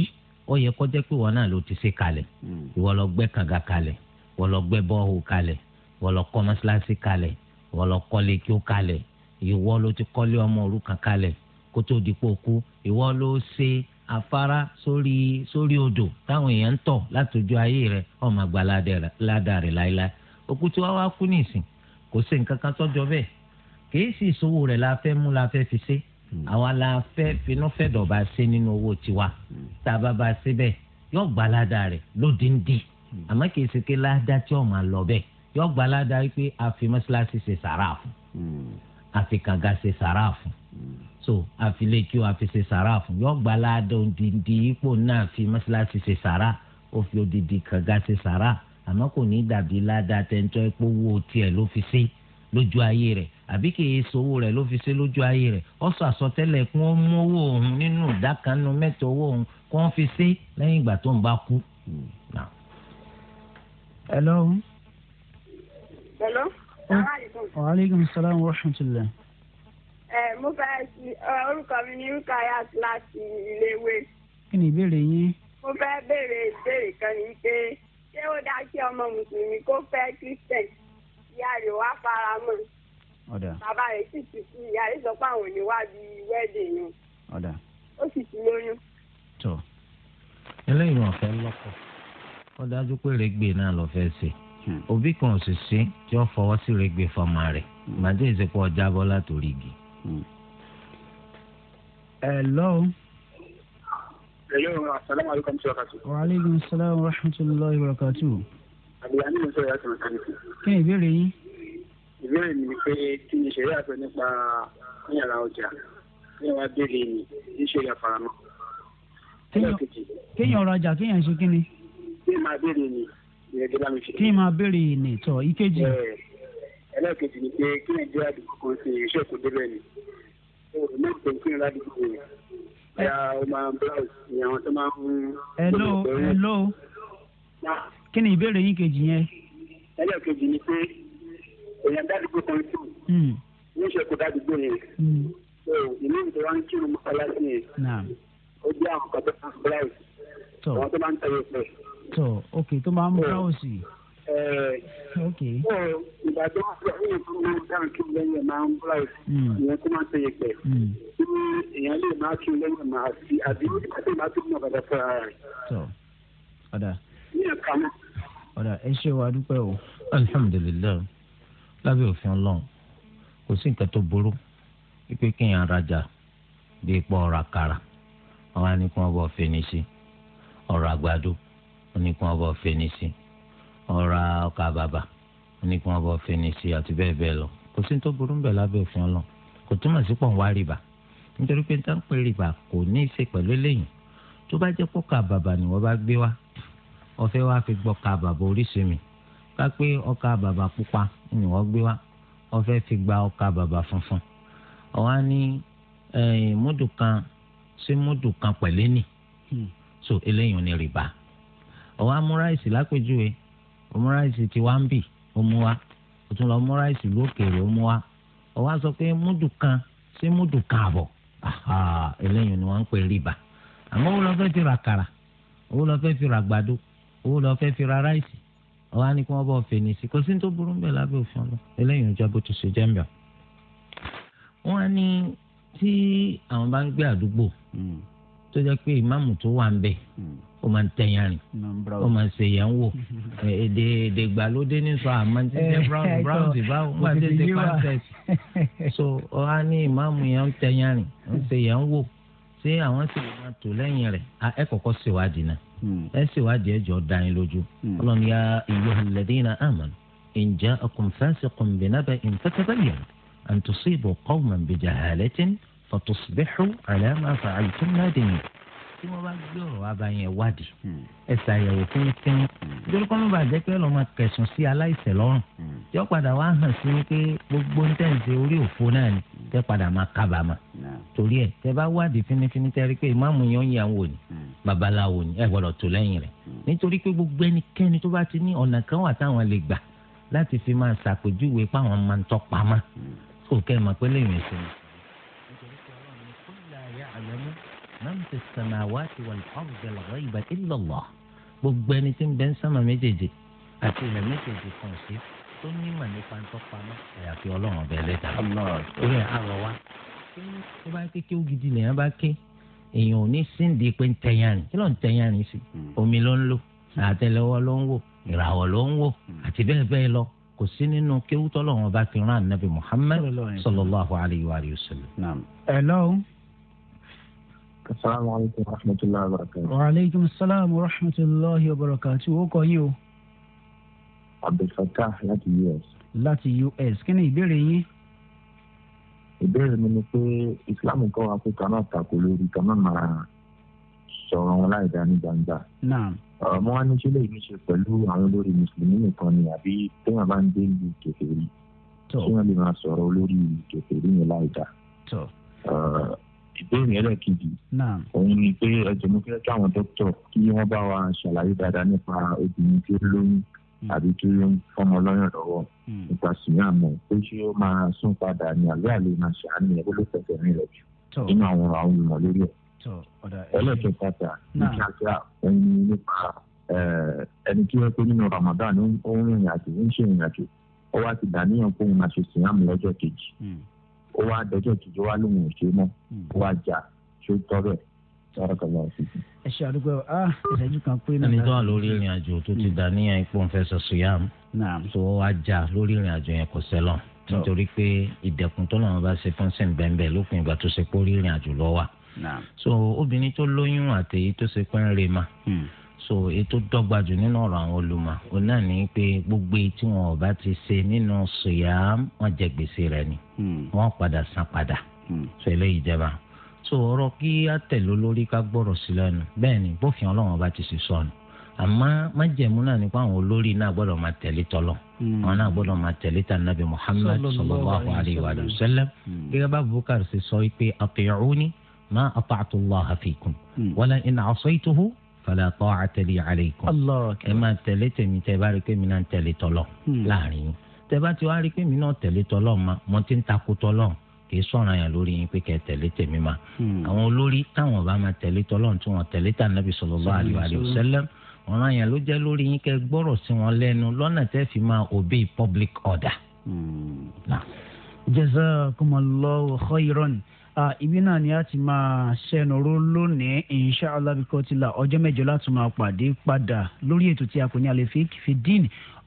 ó yẹ kó jẹ́ pé wọn náà ló ti ṣe kalẹ̀ hmm. ìwọ lọ gbẹ́ kànga kalẹ̀ ìwọ lọ gbẹ́ bọ́ọ̀hù kalẹ̀ ìwọ lọ kọ́ mọ́ṣáláṣí kalẹ̀ ìwọ lọ kọ́lé kí ó kalẹ̀ ìwọ ló ti kọ́lé ọmọ òrukàn kalẹ̀ kó tó di o kú ìwọ ló ṣe afárá sórí sórí odò táwọn èèyàn ń tọ̀ láti ojú ayé rẹ ọmọ àgbà ládàá rẹ láéláé òkú tí wọ́n wá kú nìsín kò sí nǹkan kan tọ́jọ́ bẹ́ẹ̀ kì í sì ìṣòwò rẹ̀ la fẹ́ mú la fẹ́ fi ṣe é Hmm. àwa la fẹ́ finúfẹ́dọ̀ bá ṣe nínú owó tiwa hmm. tá a bá bá ṣe bẹ́ẹ̀ yóò gba ládàá rẹ̀ lódìndín hmm. àmọ́ kìí ṣe pé ládàá tí ọ̀ma lọ bẹ́ẹ̀ yóò gba ládàá yìí pé àfi mọ́ṣáláṣí ṣe sàrà fún àfi kàga ṣe sàrà fún so àfi lẹ́kí àfi ṣe sàrà fún yóò gba ládàá òdìndín ipò náà fi mọ́ṣáláṣí ṣe sàrà ó fi òdìdí kàga ṣe sàrà àmọ́ kò ní dàbí ládàá tẹ́ńtọ́ ẹ̀ pé owó tiẹ̀ ló fi ṣe lójú ayé rẹ̀ àbí kì í sowó rẹ̀ ló fi ṣe lójú ayé rẹ̀ ó sọ àsọtẹ́lẹ̀ kí wọ́n mú owó òun nínú ìdá kan nínú mẹ́ta owó òun kí wọ́n fi ṣe lẹ́yìn ìgbà tó ń bá kú. hello. hello. Ah, wa aleykum salaam wa rahmatulah. ẹ mo fẹ́ orúkọ mi ní rúkà yá láti iléèwé. kí ni ìbéèrè yín. mo fẹ́ béèrè ìbéèrè kan ní pé ṣé ó dá sí ọmọ mùsùlùmí kó fẹ́ kírísítẹ̀ ìyá rẹ̀ wá fara mọ́ bàbá rẹ̀ sì ti kú ìyá rẹ̀ sọ pé àwọn òní wá bí wẹ́ẹ̀dì yẹn ó sì ti lóyún. tó eléyìí wọn fẹ́ lọ́kọ̀ wọ́n dájú pé rẹ́gbẹ̀ náà lọ fẹ́ ṣe hmm. òbí kan ò sì sí tí wọ́n fọwọ́ sí rẹ́gbẹ̀ fọmọ rẹ̀ hmm. màdé ìsìnkú ọjà bọ́ látòrí igi. Hmm. hello. hello asalaamualeykum ṣe wákàtí. waaleykum salaam wa rahmatulahi wa barakatuh. àbíyá ni mo sọ ìyá tó ń kí ni ìbéèrè yín ìbéèrè mi ni pé kí ni ìṣẹ̀lẹ̀ àfẹ́ nípa yíyàrá ọjà ní wàá béèrè ní ìṣẹ̀lẹ̀ àfàràmọ́. kéèyàn rajà kéèyàn ṣe kí ni. kí máa béèrè ní ìrẹ́jẹ́ bá mi ṣe. kí máa béèrè ní tọ̀ ìkejì. ẹlẹ́ẹ̀kejì ni pé kí ni jẹ́ àdúgbò kan ṣe iṣẹ́ kò débẹ̀ ni. Hello, hello. kí ni ìbéèrè yín kejì yẹn. ẹlẹ́ẹ̀kejì ni pé èèyàn dádúgbò kan tù hmm. ní ìṣẹ̀kù dádúgbò yẹn hmm. so ìlú ìtò wa ń kírun mọ́sálásí yẹn ó jẹ́ àwọn kan tó máa ń browse àwọn tó máa ń tẹ̀yẹ pẹ̀. tọ ok tó máa ń browse. ok. so ìgbà tó wà fún ìyẹn tó máa ń dáhùn kí lẹ́yìn máa ń browse hmm. ìyẹn tó máa ń tẹ̀yẹ pẹ̀ kí èèyàn lè máa kí lẹ́yìn máa fi àbí ìgbà tó máa tó mọ̀ bàtà fúnra rẹ̀. tọ ọ̀dà. ọ̀dà ẹ ṣé wa dúpẹ́ o. alhamdulilayi lábẹ́ òfin ọlọ́run kò sí nǹkan tó burú wípé kéèyàn rajà bíi pọ̀ ọ̀rọ̀ àkàrà àwọn anìkún ọba ọ̀fẹ́ ní sí ọ̀rọ̀ àgbàdo oníkún ọba ọ̀fẹ́ ní sí ọ̀rọ̀ ọkà bàbà oníkún ọba ọ̀fẹ́ ní sí àti bẹ́ẹ̀ bẹ́ẹ̀ lọ kò sí tó burú bẹ́ẹ̀ lábẹ́ òfin ọlọ́run kò túmọ̀ sí pọ̀ wá rìbà nítorí pé tá ń rìbà kò ní í ṣe pẹ̀lú eléyìí tó bá jẹ́ pọ́kà bàbà ni wọ́n bá gbé wá ọ̀fẹ́ wá fi gbọ́ ka bàbà oríṣi mi ká pé ọkà bàbà pupa ni wọ́n gbé wá wọ́n fẹ́ fi gba ọkà bàbà funfun ọ̀wá ní eh, múdù kan sí múdù kan pẹ̀lẹ́ nì hmm. so eléyìí ò ní rìbá ọ̀wá mú ráìsì lápèjúwe ọmú ráìsì tí wàá ń bì ó mú wa ó tún lọ mú ráìsì lókèèrè ó mú wa ọ̀wá sọ pé múdù kan sí múdù kan àbọ̀ eléyìí ni wọ́n ń pè rìbá àmọ́ ó lọ fẹ́ fi ra kàrà ó lọ fẹ́ fi ra àgbàdo ó lọ fẹ́ fi ra ráìsì ọ̀hán ni kí wọ́n bọ̀ fèèní sí kò sí ní tó burú ń bẹ̀ lábẹ́ òfin ọ̀nà eléyìí ìjọba bó ti ṣe jẹ́ mbẹ́. wọ́n á ní tí àwọn bá ń gbé àdúgbò hmm. tó jẹ́ pé ìmáàmù tó wà ń bẹ̀ hmm. ó máa ń tẹ̀yàn ó máa ń ṣe yẹn wò èdè èdè gbàlódé ní sọ àmọ́ ti jẹ́ eh, brown brown ti bá wà tètè pàṣẹsì so ọ̀hán ní ìmáàmù yẹn ń tẹ̀yàn rìn ń ṣe yẹn wò ṣé àwọn sì máa tò lẹ́yìn rẹ̀ ẹ kọ́kọ́ ṣèwádìí náà ẹ ṣèwádìí ẹjọ́ dá yín lójú ọlọ́run ya ayyuhal ladhina amanu in ja'akum fasiqun binaba'in fatabayyanu an tusibu qawman bijahalatin fatusbihu ala ma fa'altum nadimin. tí wọ́n bá gbé ọ̀rọ̀ wa bá yẹn wádìí hmm. ẹ ṣàyẹ̀wò fínnífínní hmm. nítorí kọ́mọ́ bàjẹ́ pé lọ́mọ kẹsùn sí aláìṣẹ̀ lọ́rùn hmm. tí ó padà wá hàn sí pé gbogbo ń tẹ̀sí orí òfo náà ni tẹ́ padà máa kábàámà torí ẹ̀ tẹ́ bá wádìí fínnífínní tẹ́ rí pé ìmáàmù yẹn ń yà wò ni babaláwo ni ẹ gbọ́dọ̀ tó lẹ́yìn rẹ̀ nítorí pé gbogbo ẹnikẹ́ni tó bá ti ní ọ̀nà kan wà táwọn lè gbà láti fi máa ṣàpèjúwe páwọn máa ń tọ́ pamọ́ òkè mọ̀ pé lẹ́yìn ìsinmi man fi samawati wal ardi al ghaiba illa Allah gbogbo ẹni tí ń bẹ ń sánmà méjèèjì àti ilẹ̀ méjèèjì kan sí tó nímọ̀ nípa ń tọ́pamọ́ àyàfi ọlọ́run ọbẹ̀ lẹ́dà orí àrọ̀ wa tó bá ké kí ó gidi lèèyàn bá ké èèyàn ò ní síndìí pé ń tẹ̀yàrin kí ló ń tẹ̀yàrin sí hmm. omi ló ń lò àtẹ́lẹwọ́ ló ń wò ìràwọ̀ ló ń wò hmm. àti bẹ́ẹ̀ bẹ́ẹ̀ lọ kò sí nínú kéwútọ́ lọ́wọ́n bá fi rán ànábì Muhammad sallallahu alayhi wa sallam. hello. السلام عليكم wa الله وبركاته. وعليكم السلام ورحمة الله وبركاته. rahmatulahi عبد الفتاح o kọ yín o. abdulfatah láti us. láti us kí ni ìbéèrè yín. ìbéèrè mi ni pé islam kọ́ wa pé kaná tako lórí kaná máa sọ̀rọ̀ wọn láì dá ní gbangba. ọmọ wa ní sílẹ̀ yìí ṣe pẹ̀lú àwọn olórí mùsùlùmí nìkan ni àbí téèyàn bá ń dé ìlú kèfèrí. tí wọ́n lè máa sọ̀rọ̀ olórí kèfèrí yẹn láì dá ìbéèrè ẹlẹ́ẹ̀kejì òun ni pé ẹjọ́ mo fẹ́ káwọn dókítà kí wọ́n bá wa ṣàlàyé dáadáa nípa obìnrin tí ó lóyún hmm. àbí tí ó ń fọmọ lọ́yàn lọ́wọ́ hmm. nípa síyàmù pé ṣé ó máa sún padà ní àbí àlè máa ṣàánú ẹ̀ ó ló fẹsẹ̀ rìn rẹ̀ jù nínú àwọn àwọn olùmọ̀ lórí ẹ̀. ẹlẹ́ẹ̀kẹta ta ní kíákíá òun ni nípa ẹni tí wọ́n pé nínú Ramadan ó ń rìnrìn àjò ó ń ṣèrìnrìn àjò ó wá ti dàníyàn pé òun máa ṣe síyàmù lọ́jọ́ kejì hmm ó wá dọjọ́ kejì wá lóun ò ṣe mọ́ hmm. ó wá jà ṣó tọ́ bẹ́ẹ̀ sọ́dọ̀kọ̀lá òfìsì. ẹ ṣe àdúgbò a ah, ìṣẹ́jú kan pé. ẹni tó wà lórí ìrìn àjò tó ti hmm. dà níyàn ipò ń fẹ́ sọ sùyàm. tó wá jà lórí ìrìn àjò yẹn kò sẹ́lọ̀ oh. nítorí pé ìdẹ̀kùn tó lọ́wọ́ bá ṣe fún sí bẹ́ẹ̀ lópin ìgbà tó ṣe pé orí ìrìn àjò lọ wà. so obìnrin tó lóyún àtẹ̀yí tó ṣe pé ń re ma. Hmm so ètò dọ́gba jù nínú ọ̀rọ̀ àwọn olùmọ̀ ò náà ní pé gbogbo tí wọn ò bá ti ṣe nínú sòyàm wọn jẹ gbèsè rẹ ni hmm. wọn padà san padà hmm. so eléyìí jẹba so ọ̀rọ̀ kí á tẹ̀lé olórí ká gbọ́rọ̀ sí lẹ́nu bẹ́ẹ̀ ni bófin ọlọ́run ọba ti sì sọnù àmọ́ májẹ̀mú náà nípa àwọn olórí náà gbọ́dọ̀ máa tẹ̀lé tọ́lọ̀ hmm. àwọn náà gbọ́dọ̀ máa tẹ̀lé tà nàbì Muhammad sallallahu alayhi wa sallam gẹ́gẹ́ bá Abubakar ṣe sọ pé ati'uni ma ata'tu Allah fikum wala in asaytuhu fala ta'ata li alaykum. ẹ máa tẹ̀lé tèmi tẹ́ bá rí pé mi náà ń tẹ̀lé tọ́lọ̀ hmm. láàrin yín tẹ́ bá ti wá rí pé mi náà tẹ̀lé tọ́lọ̀ ma mo ti ń takò tọ́lọ̀ kì í sọ̀ràn yàn lórí yín pé kẹ́ tẹ̀lé tèmi ma. Hmm. àwọn olórí táwọn bá máa tẹ̀lé tọ́lọ̀ tí wọ́n tẹ̀lé tà nàbì sallallahu alaihi wasallam ọ̀ràn yẹn ló jẹ́ lórí yín kẹ́ gbọ́rọ̀ sí wọn lẹ́nu lọ́nà tẹ́ fi máa obey public order. Hmm. jazakumullahu khairan ibi náà ni a ti máa ṣẹnuró lónìí insha Allah bíkọ́tìlà ọjọ́ mẹ́jọ láti máa pàdé padà lórí ètò tí a kò ní àlè fi dín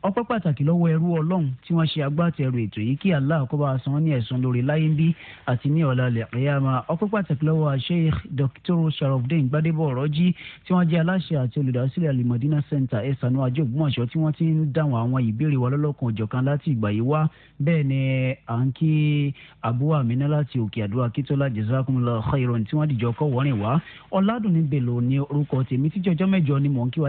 ọpẹ́ pàtàkì lọ́wọ́ ẹrú ọlọ́run tí wọ́n ṣe agbátẹrù ètò yìí kí allah kó bá san ní ẹ̀san lórí láyé bí àti ní ọ̀la lẹ́kẹ̀yàmá ọpẹ́ pàtàkì lọ́wọ́ sheikh dr sharafdin gbadebo ọ̀rọ̀jì tí wọ́n jẹ́ aláṣẹ àti olùdásílẹ̀ alimọ̀dínà center ẹ̀sánú ajé ògbómọ̀ṣọ́ tí wọ́n ti ń dáhùn àwọn ìbéèrè wa lọ́lọ́kan òjọ̀kan láti ìgbà yìí wá bẹ́ẹ̀ ni à ń kí abu amina láti òkè àdúrà kítóla jazakumullahu khairan tí wọ́n dìjọ́ kọ́ wọ́rin wá ọ̀làdùnní bèlò ní orúkọ tèmi tíjọ́jọ́ mẹ́jọ ni mò ń kí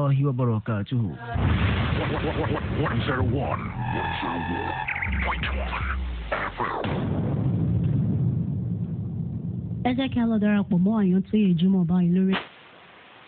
الله وبركاته ẹ jẹ́ kí a lọ darapọ̀ mọ́ àyàn tó yẹ jùmọ̀ báyìí lórí.